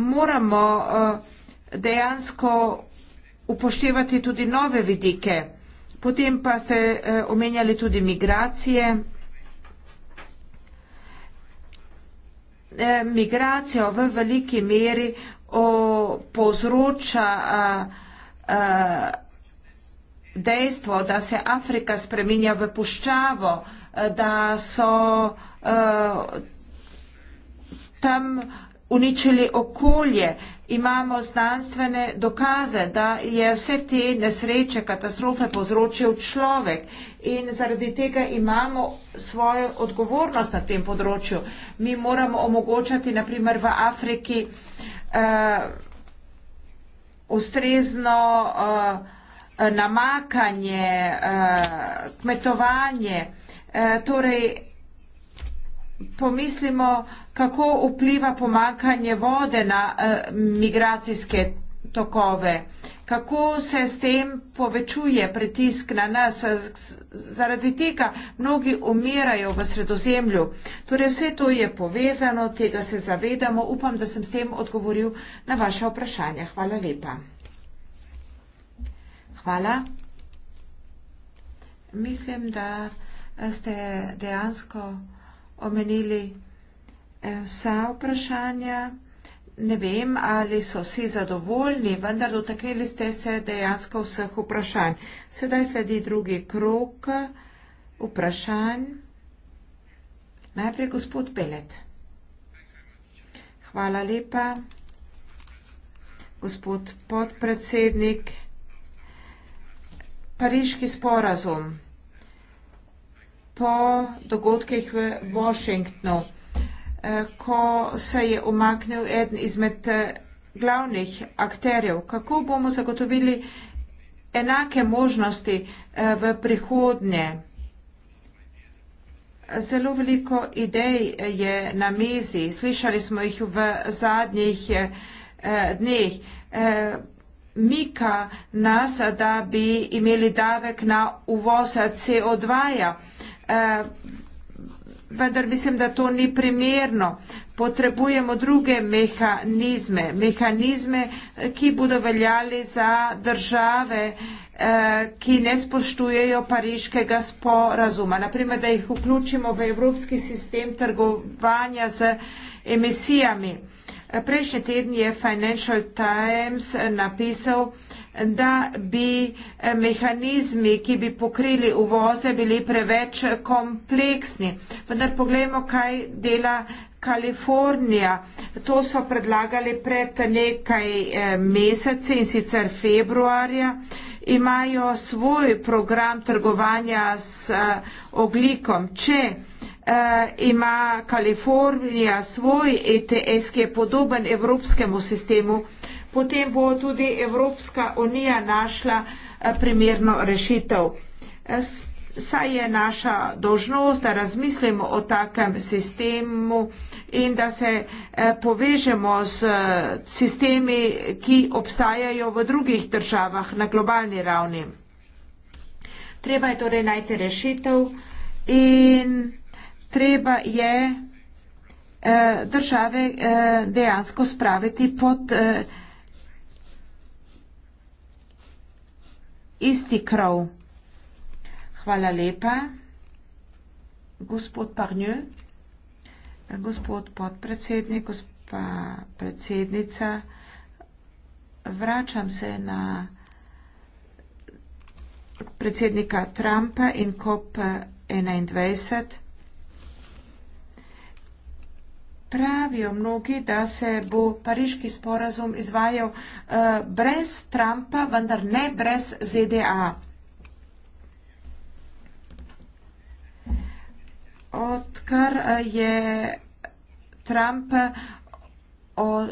moramo eh, dejansko upoštevati tudi nove vidike. Potem pa ste omenjali tudi migracije. Migracijo v veliki meri povzroča dejstvo, da se Afrika spreminja v puščavo, eh, da so uh, tam uničili okolje. Imamo znanstvene dokaze, da je vse te nesreče, katastrofe povzročil človek in zaradi tega imamo svojo odgovornost na tem področju. Mi moramo omogočati, naprimer v Afriki, uh, ustrezno uh, namakanje, eh, kmetovanje. Eh, torej, pomislimo, kako vpliva pomankanje vode na eh, migracijske tokove, kako se s tem povečuje pritisk na nas, zaradi tega mnogi umirajo v sredozemlju. Torej, vse to je povezano, tega se zavedamo. Upam, da sem s tem odgovoril na vaše vprašanje. Hvala lepa. Hvala. Mislim, da ste dejansko omenili eh, vsa vprašanja. Ne vem, ali so vsi zadovoljni, vendar dotaknili ste se dejansko vseh vprašanj. Sedaj sledi drugi krok vprašanj. Najprej gospod Belet. Hvala lepa. Gospod podpredsednik, Pariški sporazum, po dogodkih v Washingtonu, eh, ko se je umaknil eden izmed eh, glavnih akterjev, kako bomo zagotovili enake možnosti eh, v prihodnje. Zelo veliko idej je na mizi, slišali smo jih v zadnjih dneh mika nas, da bi imeli davek na uvoz CO2-ja. Eh, vendar mislim, da to ni primerno. Potrebujemo druge mehanizme, mehanizme, ki bodo veljali za države, eh, ki ne spoštujejo pariškega sporazuma. Naprimer, da jih vključimo v evropski sistem trgovanja z emisijami. Prejšnji teden je Financial Times napisal, da bi eh, mehanizmi, ki bi pokrili uvoze, bili preveč kompleksni. Vendar pogledajmo, kaj dela Kalifornija. To so predlagali pred nekaj eh, meseci in sicer februarja imajo svoj program trgovanja s eh, oglikom. Če eh, ima Kalifornija svoj ETS, ki je podoben evropskemu sistemu, potem bo tudi Evropska unija našla eh, primerno rešitev saj je naša dožnost, da razmislimo o takem sistemu in da se eh, povežemo s eh, sistemi, ki obstajajo v drugih državah na globalni ravni. Treba je torej najti rešitev in treba je eh, države dejansko spraviti pod isti krov. Hvala lepa. Gospod Parnjo, gospod podpredsednik, gospa predsednica, vračam se na predsednika Trumpa in COP21. Pravijo mnogi, da se bo pariški sporazum izvajal uh, brez Trumpa, vendar ne brez ZDA. odkar eh, je Trump od,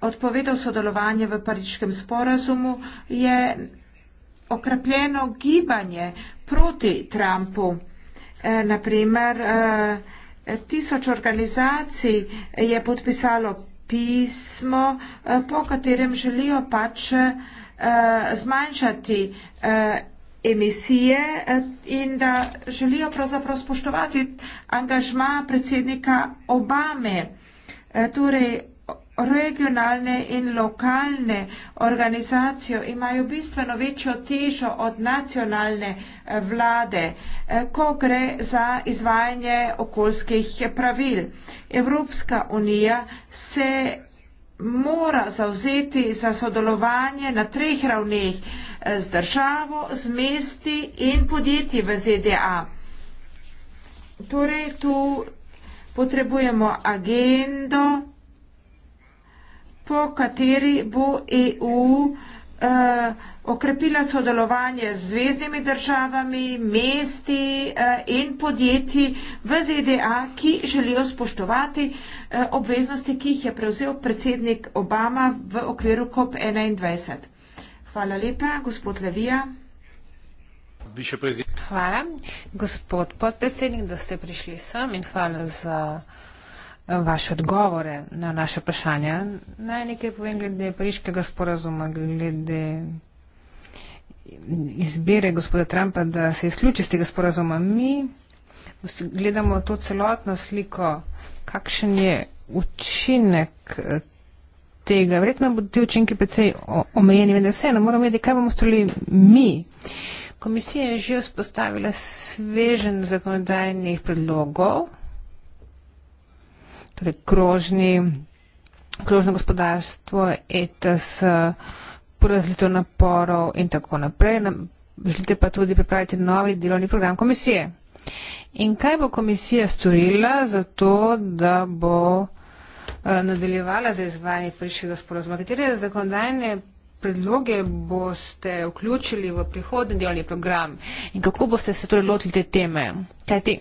odpovedal sodelovanje v pariškem sporazumu, je okrepljeno gibanje proti Trumpu. E, eh, naprimer, e, eh, tisoč organizacij je podpisalo pismo, e, po katerem želijo pač e, zmanjšati e, emisije eh, in da želijo pravzaprav spoštovati angažma predsednika Obame, eh, torej regionalne in lokalne organizacije imajo bistveno večjo težo od nacionalne eh, vlade, ko gre za izvajanje okoljskih pravil. Evropska unija se mora zauzeti za sodelovanje na treh ravneh eh, z državo, z mesti in podjetji v ZDA. Torej, tu potrebujemo agendo, po kateri bo EU eh, okrepila sodelovanje z zvezdnimi državami, mesti eh, in podjetji v ZDA, ki želijo spoštovati eh, obveznosti, ki jih je prevzel predsednik Obama v okviru COP21. Hvala lepa, gospod Levija. Hvala, gospod podpredsednik, da ste prišli sem in hvala za eh, vaše odgovore na naše vprašanje. Naj nekaj povem glede pariškega sporazuma, glede izbire gospoda Trumpa, da se izključi iz tega sporazuma. Mi gledamo to celotno sliko, kakšen je učinek eh, tega. Verjetno bodo ti učinki precej omejeni, vendar vseeno moramo vedeti, kaj bomo storili mi. Komisija je že vzpostavila svežen zakonodajnih predlogov, torej krožni, krožno gospodarstvo, ETS. Uh, porazlito naporov in tako naprej. Želite pa tudi pripraviti novi delovni program komisije. In kaj bo komisija storila za to, da bo eh, nadaljevala za izvajanje prejšnjega sporozuma? Katere zakonodajne predloge boste vključili v prihodni delovni program in kako boste se torej lotili te teme? Kaj ti?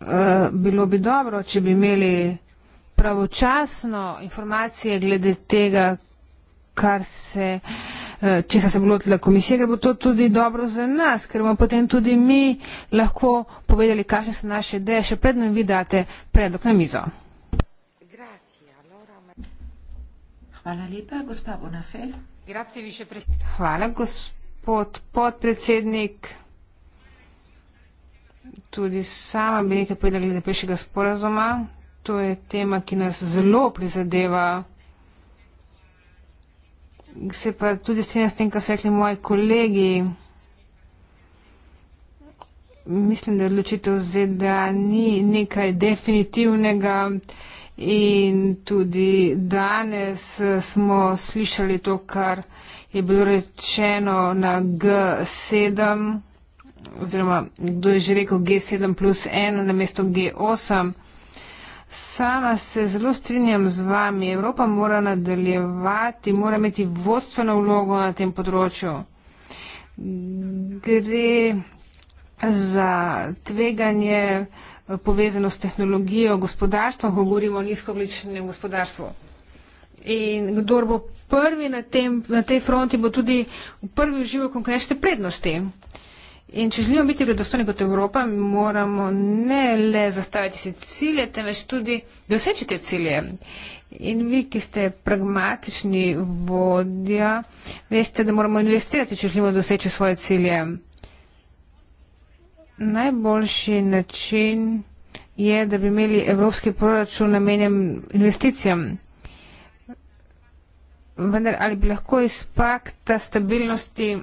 Uh, eh, bilo bi dobro, če bi imeli pravočasno informacije glede tega, kar se, eh, če se bo lotila komisija, ker bo to tudi dobro za nas, ker bomo potem tudi mi lahko povedali, kakšne so naše ideje, še predno vi date predlog na mizo. Hvala lepa, gospa Bonafel. Hvala, gospod podpredsednik. Tudi sama bi nekaj povedala glede pešega sporazuma, To je tema, ki nas zelo prizadeva. Se pa tudi svinja s tem, kar so rekli moji kolegi. Mislim, da odločitev ZDA ni nekaj definitivnega in tudi danes smo slišali to, kar je bilo rečeno na G7, oziroma kdo je že rekel G7 plus 1 na mesto G8. Sama se zelo strinjam z vami. Evropa mora nadaljevati, mora imeti vodstveno vlogo na tem področju. Gre za tveganje eh, povezano s tehnologijo, gospodarstvom, ko govorimo o nizkogličnem gospodarstvu. In kdor bo prvi na, tem, na tej fronti, bo tudi prvi užival konkurenčne prednosti. Uh, In če želimo biti vredostojni kot Evropa, moramo ne le zastaviti si cilje, temveč tudi doseči te cilje. In vi, ki ste pragmatični vodja, veste, da moramo investirati, če želimo doseči svoje cilje. Najboljši način je, da bi imeli evropski proračun namenjen investicijam. Vendar ali bi lahko iz pakta stabilnosti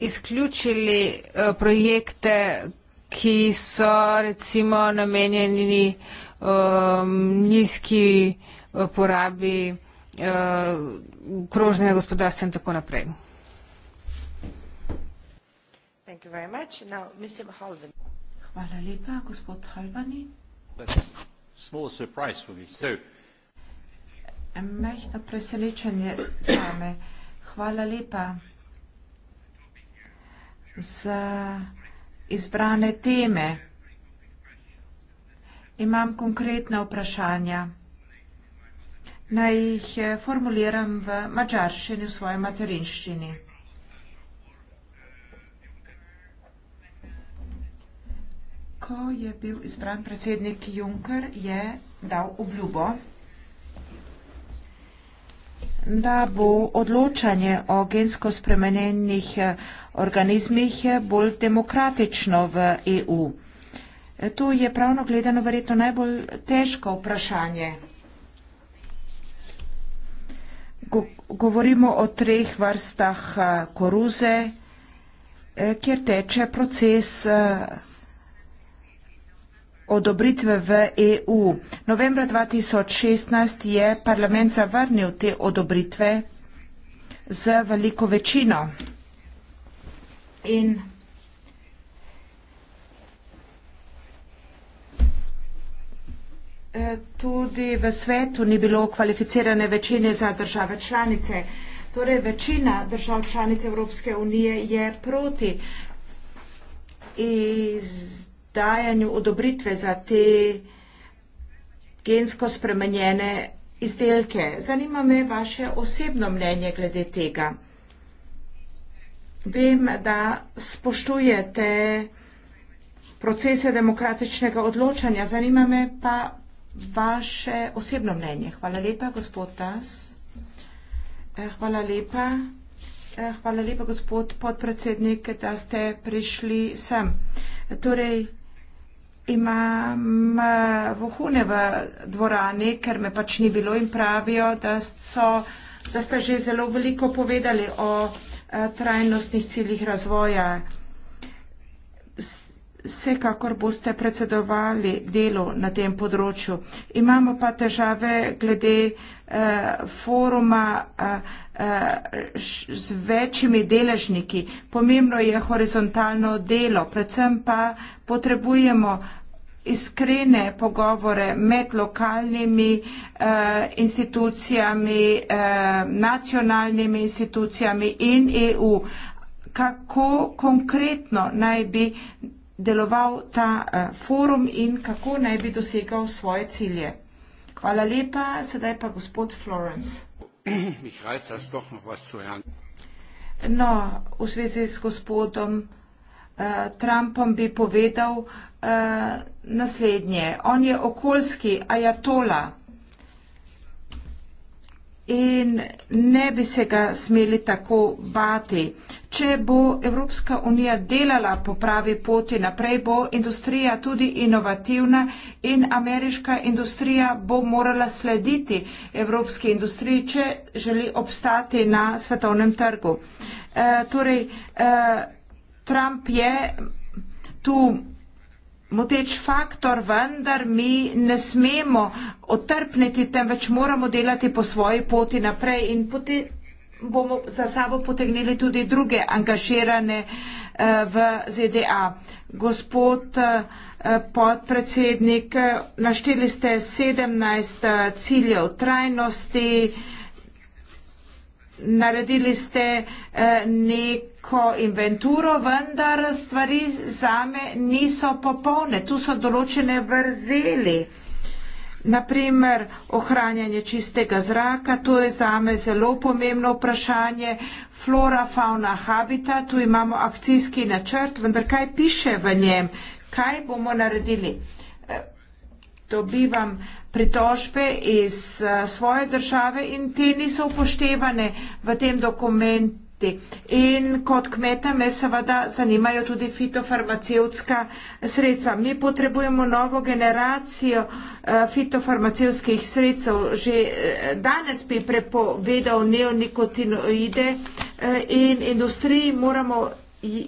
izključili eh, projekte, ki so recimo namenjeni ehm, nizki eh, porabi eh, krožnega gospodarstva in tako naprej. Hvala lepa, gospod Halvani. Majhno presenečenje zame. Hvala lepa za izbrane teme. Imam konkretna vprašanja. Naj jih eh, formuliram v mačarščini, v svoji materinščini. Ko je bil izbran predsednik Juncker, je dal obljubo, da bo odločanje o gensko spremenjenih eh, organizmih eh, bolj demokratično v EU. Eh, to je pravno gledano verjetno najbolj težko vprašanje. Go govorimo o treh vrstah koruze, kjer teče proces odobritve v EU. Novembra 2016 je parlament zavrnil te odobritve z veliko večino. In tudi v svetu ni bilo kvalificirane večine za države članice. Torej, večina držav članic Evropske unije je proti iz dajanju odobritve za te gensko spremenjene izdelke. Zanima me vaše osebno mnenje glede tega. Vem, da spoštujete procese demokratičnega odločanja. Zanima me pa vaše osebno mnenje. Hvala lepa, gospod Das. Eh, hvala lepa. Eh, hvala lepa, gospod podpredsednik, da ste prišli sem. Torej, imam eh, vohune v dvorani, ker me pač ni bilo in pravijo, da, so, da ste že zelo veliko povedali o eh, trajnostnih ciljih razvoja. Vsekakor boste predsedovali delo na tem področju. Imamo pa težave glede eh, foruma. Eh, Eh, z večjimi deležniki. Pomembno je horizontalno delo, predvsem pa potrebujemo iskrene pogovore med lokalnimi eh, institucijami, eh, nacionalnimi institucijami in EU. Kako konkretno naj bi deloval ta eh, forum in kako naj bi dosegal svoje cilje? Hvala lepa, sedaj pa gospod Florence. No, v zvezi z gospodom uh, Trumpom bi povedal uh, naslednje. On je okoljski ajatola in ne bi se ga smeli tako bati. Če bo Evropska unija delala po pravi poti naprej, bo industrija tudi inovativna in ameriška industrija bo morala slediti evropski industriji, če želi obstati na svetovnem trgu. E, torej, e, Trump je tu moteč faktor, vendar mi ne smemo otrpniti, temveč moramo delati po svoji poti naprej in potem bomo za sabo potegnili tudi druge angažirane eh, v ZDA. Gospod eh, podpredsednik, eh, našteli ste 17 ciljev trajnosti, naredili ste nek neko inventuro, vendar stvari zame niso popolne. Tu so določene vrzeli. Naprimer, ohranjanje čistega zraka, to je zame zelo pomembno vprašanje. Flora, fauna, habitat, tu imamo akcijski načrt, vendar kaj piše v njem, kaj bomo naredili. Eh, dobivam pritožbe iz eh, svoje države in te niso upoštevane v tem dokumentu. Te. In kot kmete me seveda zanimajo tudi fitofarmacevtska sredstva. Mi potrebujemo novo generacijo uh, eh, fitofarmacevskih sredstev. Že uh, danes bi prepovedal neonikotinoide uh, in industriji moramo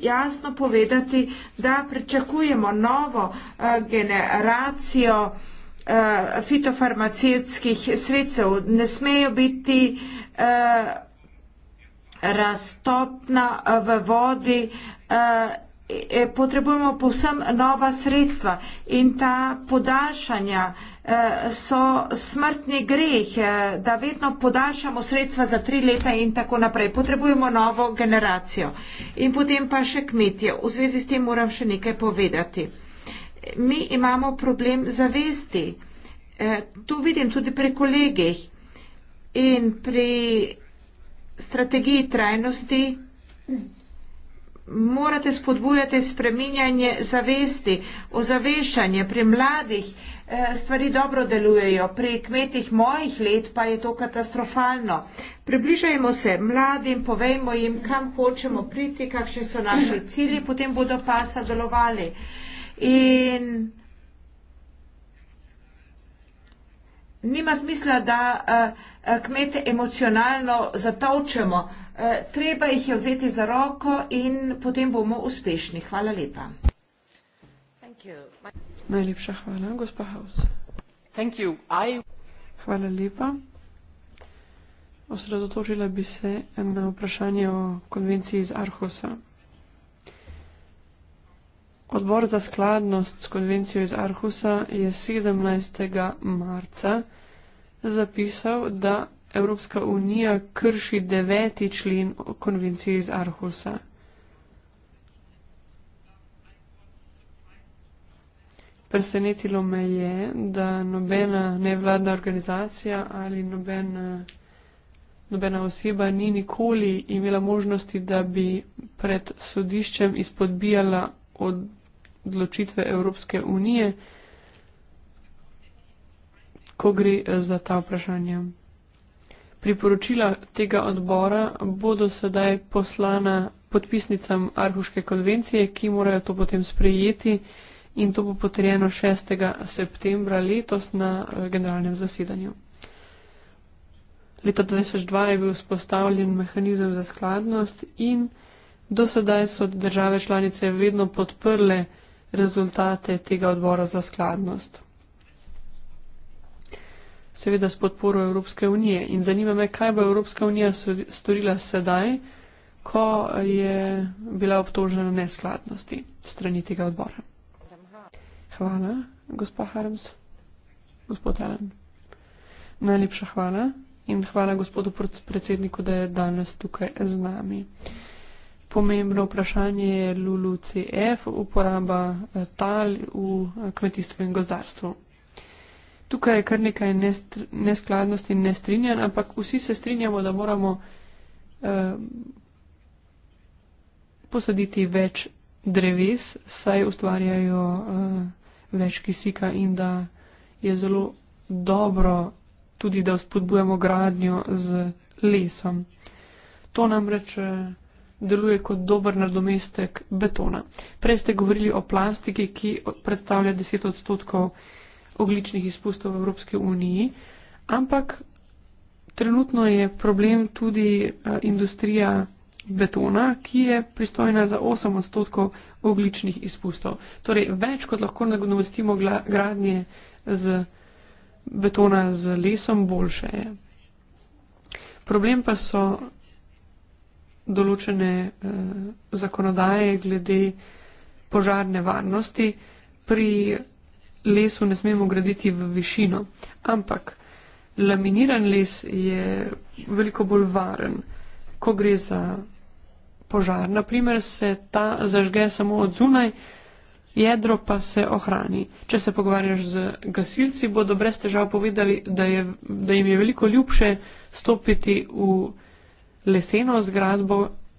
jasno povedati, da pričakujemo novo uh, generacijo uh, fitofarmacevtskih sredstev. Ne smejo biti uh, raztopna eh, v vodi, eh, eh, potrebujemo povsem nova sredstva in ta podaljšanja so smrtni greh, da vedno podaljšamo sredstva za tri leta in tako naprej. Potrebujemo novo generacijo. In potem pa še kmetje. V zvezi s tem moram še nekaj povedati. Mi imamo problem zavesti. Tu vidim tudi pri kolegih in pri strategiji trajnosti morate spodbujati spreminjanje zavesti, ozaveščanje pri mladih. Eh, stvari dobro delujejo, pri kmetih mojih let pa je to katastrofalno. Približajmo se mladim, povejmo jim, kam hočemo priti, kakšni so naši cilji, potem bodo pa sodelovali. In nima smisla, da eh, eh, kmete emocionalno zatovčemo. Eh, treba jih je vzeti za roko in potem bomo uspešni. Hvala lepa. Najlepša hvala, gospa Haus. Hvala lepa. Osredotočila bi se na vprašanje o konvenciji iz Arhusa. Odbor za skladnost s konvencijo iz Arhusa je 17. marca zapisal, da Evropska unija krši deveti člen konvencije iz Arhusa. Presenetilo me je, da nobena nevladna organizacija ali nobena, nobena oseba ni nikoli imela možnosti, da bi pred sodiščem izpodbijala od odločitve Evropske unije, ko gre eh, za ta vprašanja. Priporočila tega odbora bodo sedaj poslana podpisnicam Arhuške konvencije, ki morajo to potem sprejeti in to bo potrjeno 6. septembra letos na eh, generalnem zasedanju. Leta 2002 je bil spostavljen mehanizem za skladnost in do sedaj so države članice vedno podprle rezultate tega odbora za skladnost. Seveda s podporo Evropske unije. In zanima me, kaj bo Evropska unija storila sedaj, ko je bila obtožena neskladnosti strani tega odbora. Hvala, gospod Harms. Gospod Alen. Najlepša hvala in hvala gospodu predsedniku, da je danes tukaj z nami. Uh, pomembno vprašanje je LULUCF, uporaba eh, tal v eh, kmetijstvu in gozdarstvu. Tukaj je kar nekaj neskladnosti in nestrinjanj, ampak vsi se strinjamo, da moramo eh, posaditi več dreves, saj ustvarjajo eh, več kisika in da je zelo dobro tudi, da spodbujamo gradnjo z lesom. To namreč. Eh, deluje kot dober nadomestek betona. Prej ste govorili o plastiki, ki predstavlja 10 odstotkov ogličnih izpustov v Evropski uniji, ampak trenutno je problem tudi eh, industrija betona, ki je pristojna za 8 odstotkov ogličnih izpustov. Torej več kot lahko nagonovestimo gradnje z betona z lesom, boljše je. Problem pa so določene eh, zakonodaje glede požarne varnosti. Pri lesu ne smemo graditi v višino, ampak laminiran les je veliko bolj varen. Ko gre za požar, naprimer, se ta zažge samo od zunaj, jedro pa se ohrani. Če se pogovarjaš z gasilci, bodo brez težav povedali, da, je, da jim je veliko ljubše stopiti v leseno zgradbo,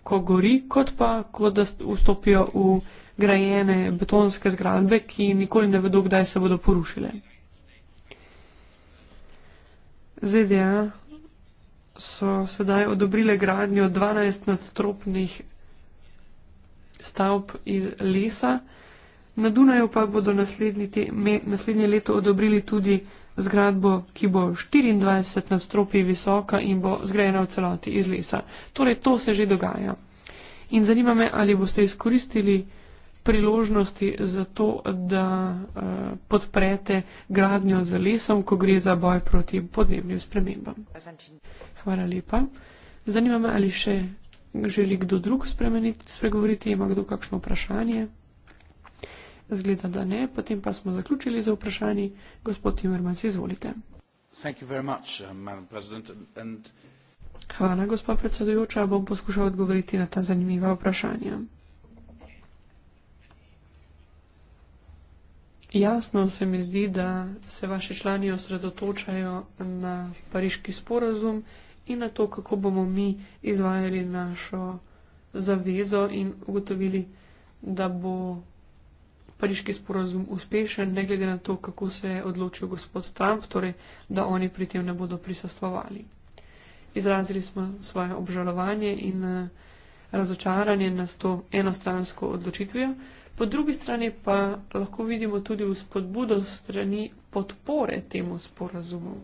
ko gori, kot pa, ko da vstopijo v grajene betonske zgradbe, ki nikoli ne vedo, kdaj se bodo porušile. ZDA so sedaj odobrile gradnjo 12 nadstropnih stavb iz lesa. Na Dunaju pa bodo naslednje leto odobrili tudi zgradbo, ki bo 24 nadstropji visoka in bo zgrajena v celoti iz lesa. Torej, to se že dogaja. In zanima me, ali boste izkoristili priložnosti za to, da uh, podprete gradnjo z lesom, ko gre za boj proti podnebnim spremembam. Hvala lepa. Zanima me, ali še želi kdo drug spremeniti, spregovoriti, ima kdo kakšno vprašanje. Zgleda, da ne. Potem pa smo zaključili za vprašanje. Gospod Timmermans, izvolite. Uh, Hvala, gospod predsedujoča. Bom poskušal odgovoriti na ta zanimiva vprašanja. Jasno se mi zdi, da se vaši člani osredotočajo na pariški sporazum in na to, kako bomo mi izvajali našo zavezo in ugotovili, da bo pariški sporozum uspešen, ne glede na to, kako se je odločil gospod Trump, torej, da oni pri tem ne bodo prisostvovali. Izrazili smo svoje obžalovanje in eh, razočaranje nad to enostransko odločitvijo, po drugi strani pa lahko vidimo tudi vzpodbudo strani podpore temu sporozumu.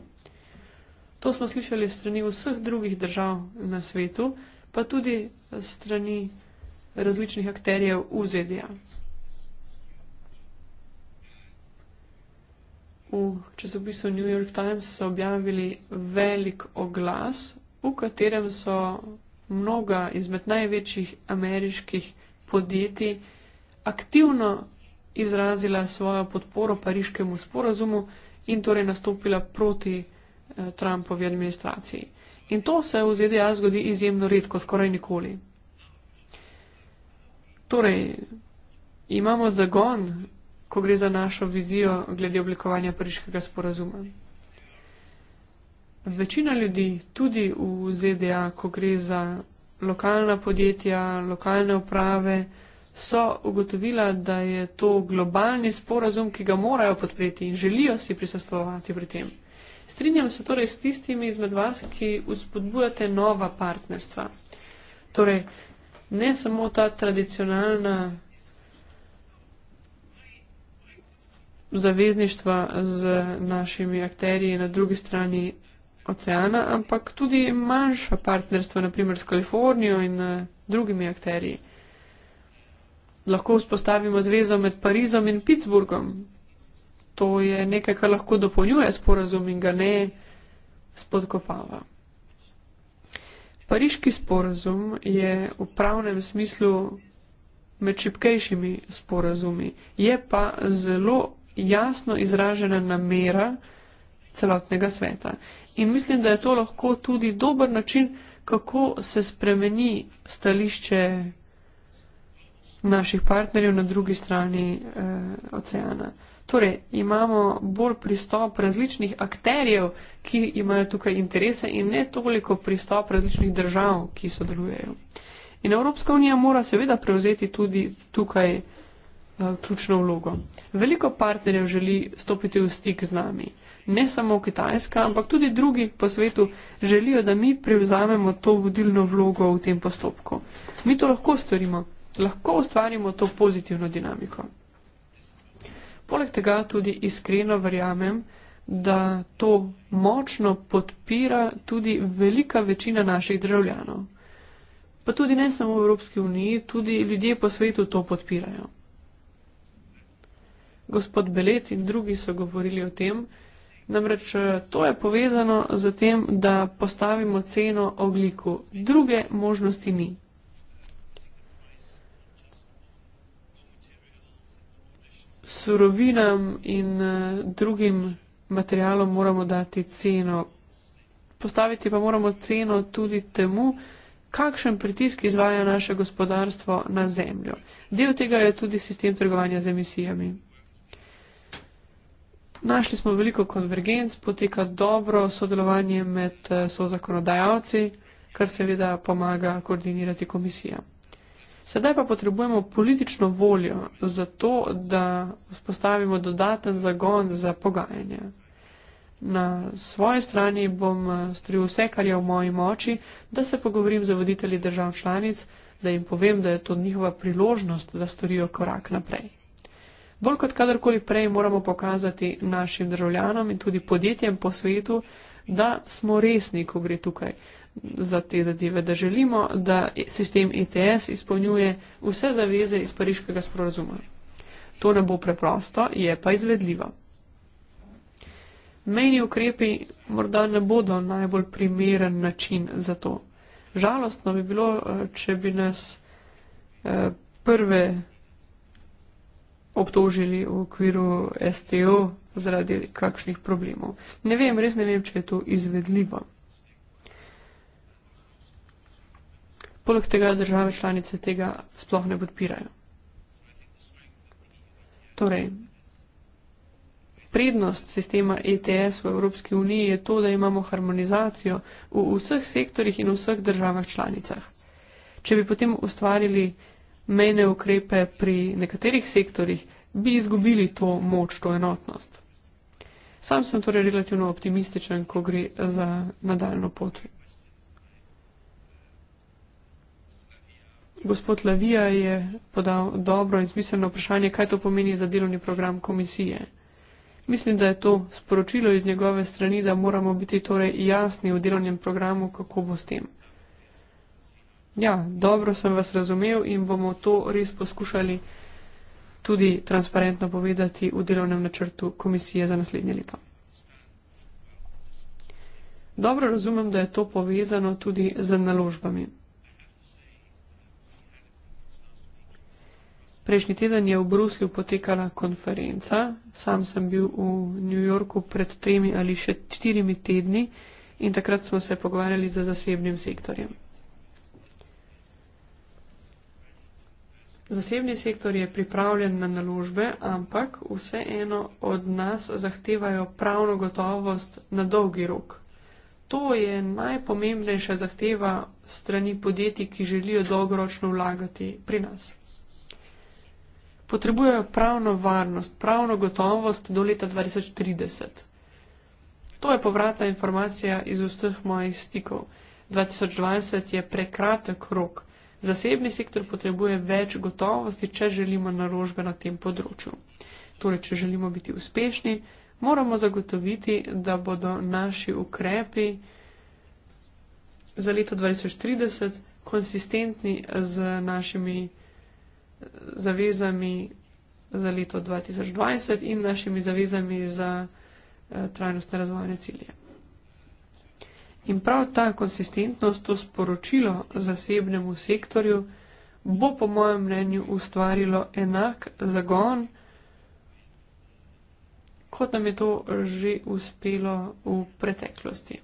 To smo slišali strani vseh drugih držav na svetu, pa tudi strani različnih akterjev v ZDA. v časopisu New York Times so objavili velik oglas, v katerem so mnoga izmed največjih ameriških podjetij aktivno izrazila svojo podporo pariškemu sporazumu in torej nastopila proti eh, Trumpovi administraciji. In to se v ZDA zgodi izjemno redko, skoraj nikoli. Torej, imamo zagon ko gre za našo vizijo glede oblikovanja pariškega sporazuma. Večina ljudi, tudi v ZDA, ko gre za lokalna podjetja, lokalne uprave, so ugotovila, da je to globalni sporazum, ki ga morajo podpreti in želijo si prisostovati pri tem. Strinjam se torej s tistimi izmed vas, ki vzpodbujate nova partnerstva. Torej, ne samo ta tradicionalna zavezništva z našimi akterji na drugi strani oceana, ampak tudi manjša partnerstva, naprimer s Kalifornijo in eh, drugimi akterji. Lahko vzpostavimo zvezo med Parizom in Pittsburghom. To je nekaj, kar lahko dopolnjuje sporazum in ga ne spodkopava. Pariški sporazum je v pravnem smislu med šipkejšimi sporazumi, je pa zelo jasno izražena namera celotnega sveta. In mislim, da je to lahko tudi dober način, kako se spremeni stališče naših partnerjev na drugi strani eh, oceana. Torej, imamo bolj pristop različnih akterjev, ki imajo tukaj interese in ne toliko pristop različnih držav, ki sodelujejo. In Evropska unija mora seveda prevzeti tudi tukaj. Eh, ključno vlogo. Veliko partnerjev želi stopiti v stik z nami. Ne samo Kitajska, ampak tudi drugi po svetu želijo, da mi prevzamemo to vodilno vlogo v tem postopku. Mi to lahko storimo, lahko ustvarimo to pozitivno dinamiko. Poleg tega tudi iskreno verjamem, da to močno podpira tudi velika večina naših državljanov. Pa tudi ne samo v Evropski uniji, tudi ljudje po svetu to podpirajo gospod Belet in drugi so govorili o tem. Namreč eh, to je povezano z tem, da postavimo ceno ogliku. Druge možnosti ni. Surovinam in eh, drugim materialom moramo dati ceno. Postaviti pa moramo ceno tudi temu, kakšen pritisk izvaja naše gospodarstvo na zemljo. Del tega je tudi sistem trgovanja z emisijami. Našli smo veliko konvergenc, poteka dobro sodelovanje med eh, sozakonodajalci, kar seveda pomaga koordinirati komisija. Sedaj pa potrebujemo politično voljo za to, da vzpostavimo dodaten zagon za pogajanje. Na svoji strani bom eh, stril vse, kar je v moji moči, da se pogovorim z voditelji držav članic, da jim povem, da je to njihova priložnost, da storijo korak naprej. Bolj kot kadarkoli prej moramo pokazati našim državljanom in tudi podjetjem po svetu, da smo resni, ko gre tukaj za te zadeve, da želimo, da sistem ETS izpolnjuje vse zaveze iz pariškega sporozuma. To ne bo preprosto, je pa izvedljivo. Mejni ukrepi morda ne bodo najbolj primeren način za to. Žalostno bi bilo, eh, če bi nas eh, prve obtožili v okviru STO zaradi kakšnih problemov. Ne vem, res ne vem, če je to izvedljivo. Poleg tega države članice tega sploh ne podpirajo. Torej, prednost sistema ETS v Evropski uniji je to, da imamo harmonizacijo v vseh sektorjih in v vseh državah članicah. Če bi potem ustvarili mejne ukrepe pri nekaterih sektorjih, bi izgubili to moč, to enotnost. Sam sem torej relativno optimističen, ko gre za nadaljno pot. Gospod Lavija je podal dobro in smiselno vprašanje, kaj to pomeni za delovni program komisije. Mislim, da je to sporočilo iz njegove strani, da moramo biti torej jasni v delovnem programu, kako bo s tem. Ja, dobro sem vas razumel in bomo to res poskušali tudi transparentno povedati v delovnem načrtu komisije za naslednje leto. Dobro razumem, da je to povezano tudi z naložbami. Prejšnji teden je v Bruslju potekala konferenca, sam sem bil v New Yorku pred tremi ali še štirimi tedni in takrat smo se pogovarjali z zasebnim sektorjem. Zasebni sektor je pripravljen na naložbe, ampak vseeno od nas zahtevajo pravno gotovost na dolgi rok. To je najpomembnejša zahteva strani podjetij, ki želijo dolgoročno vlagati pri nas. Potrebujejo pravno varnost, pravno gotovost do leta 2030. To je povratna informacija iz vseh mojih stikov. 2020 je prekratek rok. Zasebni sektor potrebuje več gotovosti, če želimo narožbe na tem področju. Torej, če želimo biti uspešni, moramo zagotoviti, da bodo naši ukrepi za leto 2030 konsistentni z našimi eh, zavezami za leto 2020 in našimi zavezami za eh, trajnostne razvojne cilje. In prav ta konsistentnost, to sporočilo zasebnemu sektorju, bo po mojem mnenju ustvarilo enak zagon, kot nam je to že uspelo v preteklosti.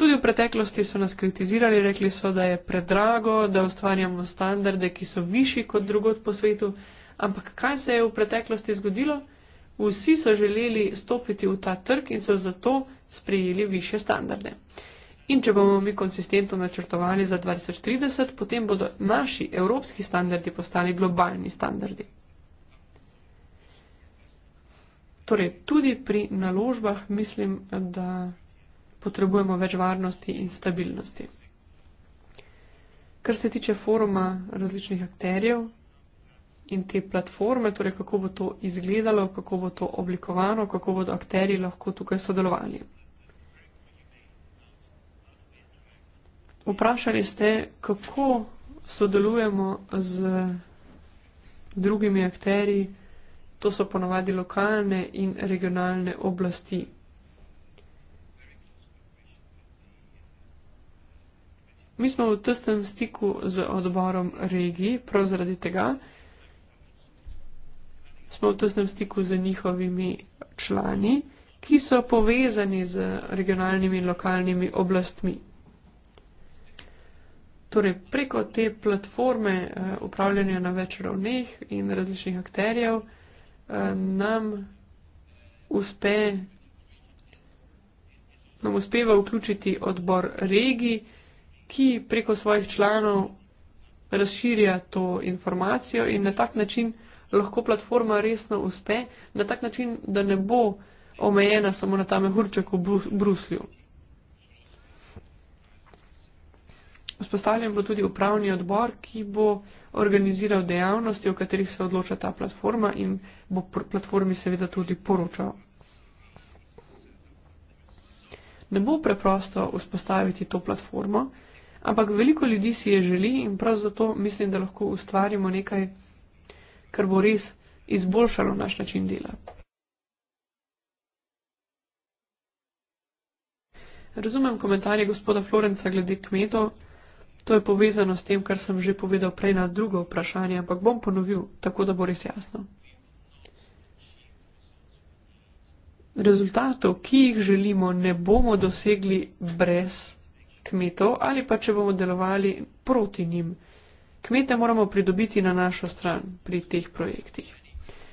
Tudi v preteklosti so nas kritizirali, rekli so, da je predrago, da ustvarjamo standarde, ki so višji kot drugot po svetu, ampak kaj se je v preteklosti zgodilo? Vsi so želeli stopiti v ta trg in so zato sprejeli više standarde. In če bomo mi konsistentno načrtovali za 2030, potem bodo naši evropski standardi postali globalni standardi. Torej, tudi pri naložbah mislim, da potrebujemo več varnosti in stabilnosti. Kar se tiče foruma različnih akterjev, in te platforme, torej kako bo to izgledalo, kako bo to oblikovano, kako bodo akteri lahko tukaj sodelovali. Vprašali ste, kako sodelujemo z drugimi akteri, to so ponovadi lokalne in regionalne oblasti. Mi smo v tistem stiku z odborom regiji, prav zaradi tega, smo v tesnem stiku z njihovimi člani, ki so povezani z regionalnimi in lokalnimi oblastmi. Torej, preko te platforme uh, upravljanja na več ravneh in različnih akterjev uh, nam, uspe, nam uspeva vključiti odbor regij, ki preko svojih članov razširja to informacijo in na tak način uh, lahko platforma resno uspe na tak način, da ne bo omejena samo na ta mehurček v Bruslju. Vzpostavljen bo tudi upravni odbor, ki bo organiziral dejavnosti, o katerih se odloča ta platforma in bo pr platformi seveda tudi poročal. Ne bo preprosto vzpostaviti to platformo, ampak veliko ljudi si je želi in prav zato mislim, da lahko ustvarimo nekaj kar bo res izboljšalo naš način dela. Razumem komentarje gospoda Florenca glede kmetov. To je povezano s tem, kar sem že povedal prej na drugo vprašanje, ampak bom ponovil, tako da bo res jasno. Rezultatov, ki jih želimo, ne bomo dosegli brez kmetov ali pa če bomo delovali proti njim. Kmete moramo pridobiti na našo stran pri teh projektih.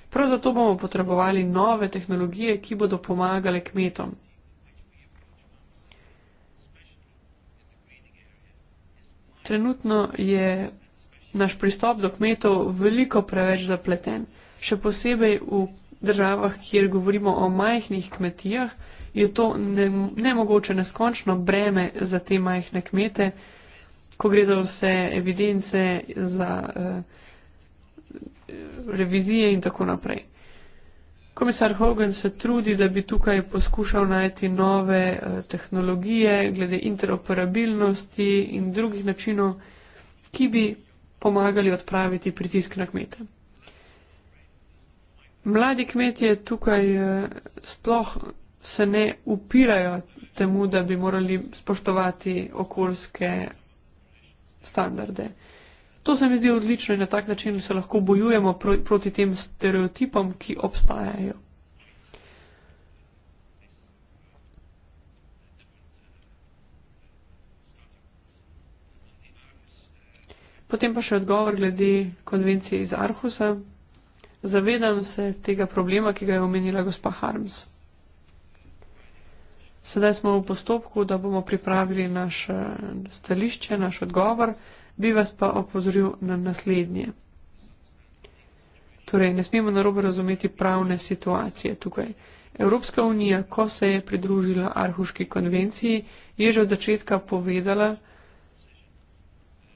Prav zato bomo potrebovali nove tehnologije, ki bodo pomagale kmetom. Trenutno je naš pristop do kmetov veliko preveč zapleten. Še posebej v državah, kjer govorimo o majhnih kmetijah, je to ne, nemogoče neskončno breme za te majhne kmete ko gre za vse evidence, za eh, revizije in tako naprej. Komisar Hogan se trudi, da bi tukaj poskušal najti nove eh, tehnologije glede interoperabilnosti in drugih načinov, ki bi pomagali odpraviti pritisk na kmete. Mladi kmetje tukaj eh, sploh se ne upirajo temu, da bi morali spoštovati okoljske standarde. To se mi zdi odlično in na tak način se lahko bojujemo pro, proti tem stereotipom, ki obstajajo. Potem pa še odgovor glede konvencije iz Arhusa. Zavedam se tega problema, ki ga je omenila gospa Harms. Sedaj smo v postopku, da bomo pripravili naše stališče, naš odgovor, bi vas pa opozoril na naslednje. Torej, ne smemo narobe razumeti pravne situacije tukaj. Evropska unija, ko se je pridružila Arhuški konvenciji, je že od začetka povedala,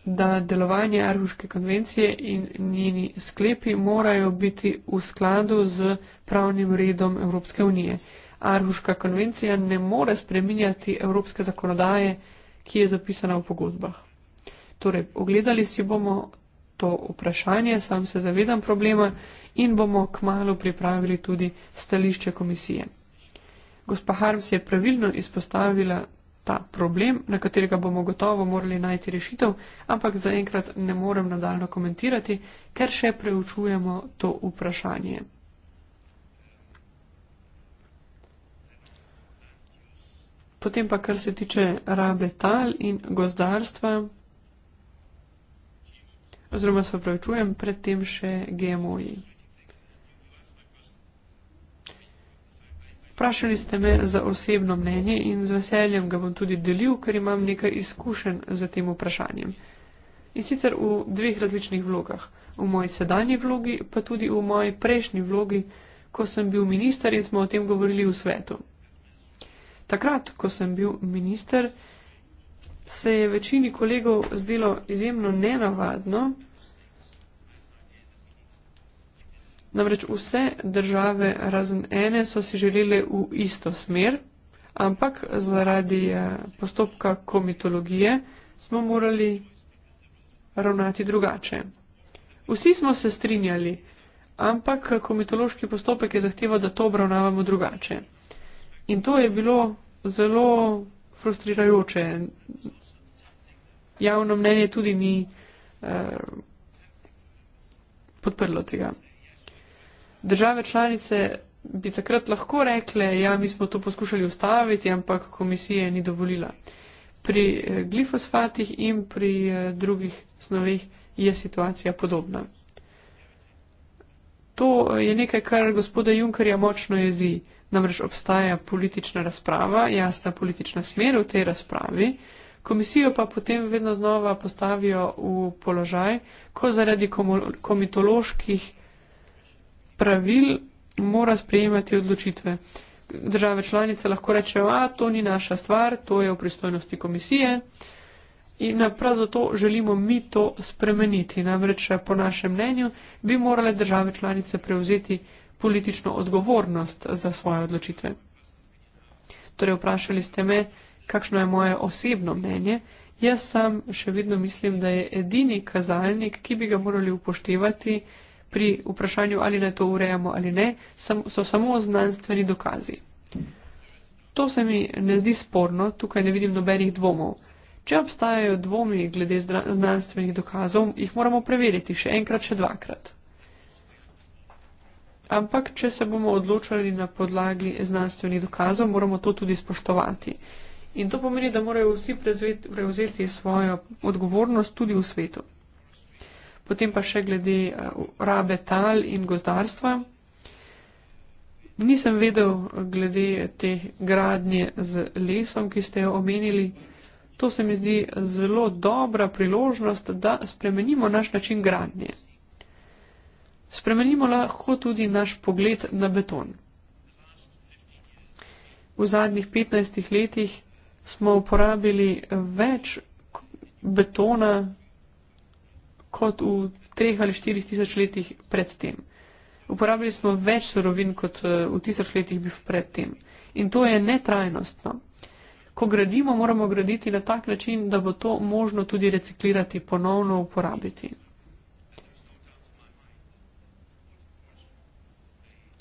da delovanje Arhuške konvencije in njeni sklepi morajo biti v skladu z pravnim redom Evropske unije. Arhuška konvencija ne more spreminjati evropske zakonodaje, ki je zapisana v pogodbah. Torej, ogledali si bomo to vprašanje, sam se zavedam problema in bomo k malu pripravili tudi stališče komisije. Gospa Harms je pravilno izpostavila ta problem, na katerega bomo gotovo morali najti rešitev, ampak zaenkrat ne morem nadaljno komentirati, ker še preučujemo to vprašanje. Potem pa, kar se tiče rabe tal in gozdarstva, oziroma se opravičujem, predtem še GMO-ji. Vprašali ste me za osebno mnenje in z veseljem ga bom tudi delil, ker imam nekaj izkušenj z tem vprašanjem. In sicer v dveh različnih vlogah. V moji sedanji vlogi, pa tudi v moji prejšnji vlogi, ko sem bil minister in smo o tem govorili v svetu takrat, ko sem bil minister, se je večini kolegov zdelo izjemno nenavadno. Namreč vse države razen ene so si želeli v isto smer, ampak zaradi eh, postopka komitologije smo morali ravnati drugače. Vsi smo se strinjali, ampak komitološki postopek je zahteval, da to obravnavamo drugače. In to je bilo zelo frustrirajoče. Javno mnenje tudi ni eh, podprlo tega. Države članice bi takrat lahko rekle, ja, mi smo to poskušali ustaviti, ampak komisije ni dovolila. Pri eh, glifosfatih in pri eh, drugih snovih je situacija podobna. To je nekaj, kar gospoda Junkerja močno jezi. Namreč obstaja politična razprava, jasna politična smer v tej razpravi, komisijo pa potem vedno znova postavijo v položaj, ko zaradi komitoloških pravil mora sprejemati odločitve. Države članice lahko rečejo, a to ni naša stvar, to je v pristojnosti komisije in prav zato želimo mi to spremeniti. Namreč po našem mnenju bi morale države članice prevzeti politično odgovornost za svoje odločitve. Torej, vprašali ste me, kakšno je moje osebno mnenje. Jaz sam še vedno mislim, da je edini kazalnik, ki bi ga morali upoštevati pri vprašanju, ali naj to urejamo ali ne, so samo znanstveni dokazi. To se mi ne zdi sporno, tukaj ne vidim nobenih dvomov. Če obstajajo dvomi glede znanstvenih dokazov, jih moramo preveriti še enkrat, še dvakrat ampak če se bomo odločali na podlagi znanstvenih dokazov, moramo to tudi spoštovati. In to pomeni, da morajo vsi prevzeti svojo odgovornost tudi v svetu. Potem pa še glede eh, rabe tal in gozdarstva. Nisem vedel eh, glede te gradnje z lesom, ki ste jo omenili. To se mi zdi zelo dobra priložnost, da spremenimo naš način gradnje spremenimo lahko tudi naš pogled na beton. V zadnjih 15 letih smo uporabili več betona kot v treh ali štirih tisoč letih predtem. Uporabili smo več sorovin kot eh, v tisoč letih bi predtem. In to je netrajnostno. Ko gradimo, moramo graditi na tak način, da bo to možno tudi reciklirati, ponovno uporabiti.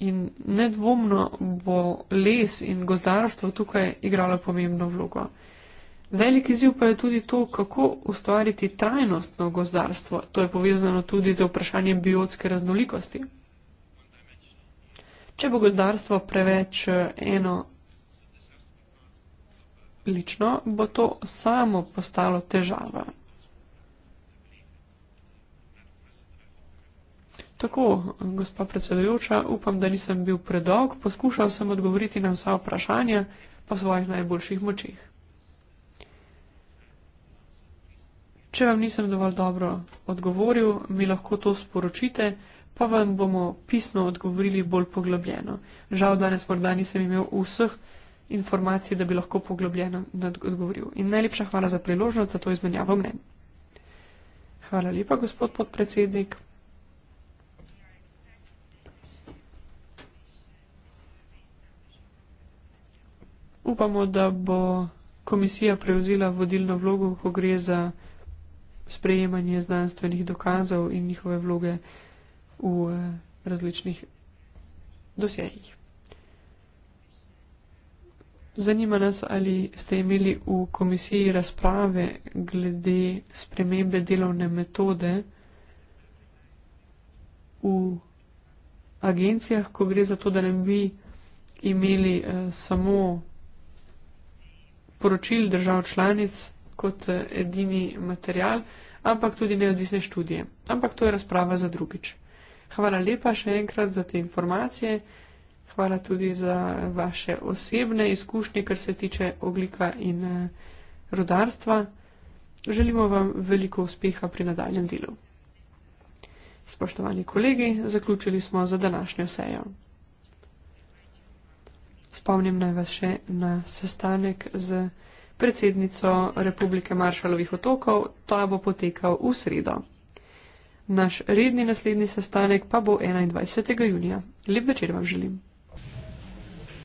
In nedvomno bo les in gozdarstvo tukaj igralo pomembno vlogo. Velik izziv pa je tudi to, kako ustvariti trajnostno gozdarstvo. To je povezano tudi z vprašanjem biotske raznolikosti. Če bo gozdarstvo preveč eh, eno lično, bo to samo postalo težava. Tako, gospa predsedujoča, upam, da nisem bil predolg, poskušal sem odgovoriti na vsa vprašanja po svojih najboljših močeh. Če vam nisem dovolj dobro odgovoril, mi lahko to sporočite, pa vam bomo pisno odgovorili bolj poglobljeno. Žal danes morda nisem imel vseh informacij, da bi lahko poglobljeno odgovoril. In najlepša hvala za priložnost za to izmenjavo mnen. Hvala lepa, gospod podpredsednik. upamo, da bo komisija prevzela vodilno vlogo, ko gre za sprejemanje znanstvenih dokazov in njihove vloge v eh, različnih dosjejih. Zanima nas, ali ste imeli v komisiji razprave glede spremembe delovne metode v agencijah, ko gre za to, da ne bi imeli eh, samo poročil držav članic kot eh, edini material, ampak tudi neodvisne študije. Ampak to je razprava za drugič. Hvala lepa še enkrat za te informacije, hvala tudi za vaše osebne izkušnje, kar se tiče oglika in eh, rodarstva. Želimo vam veliko uspeha pri nadaljem delu. Spoštovani kolegi, zaključili smo za današnjo sejo. Spomnim naj vas še na sestanek z predsednico Republike Maršalovih otokov, ta bo potekal v sredo. Naš redni naslednji sestanek pa bo 21. junija. Lep večer vam želim.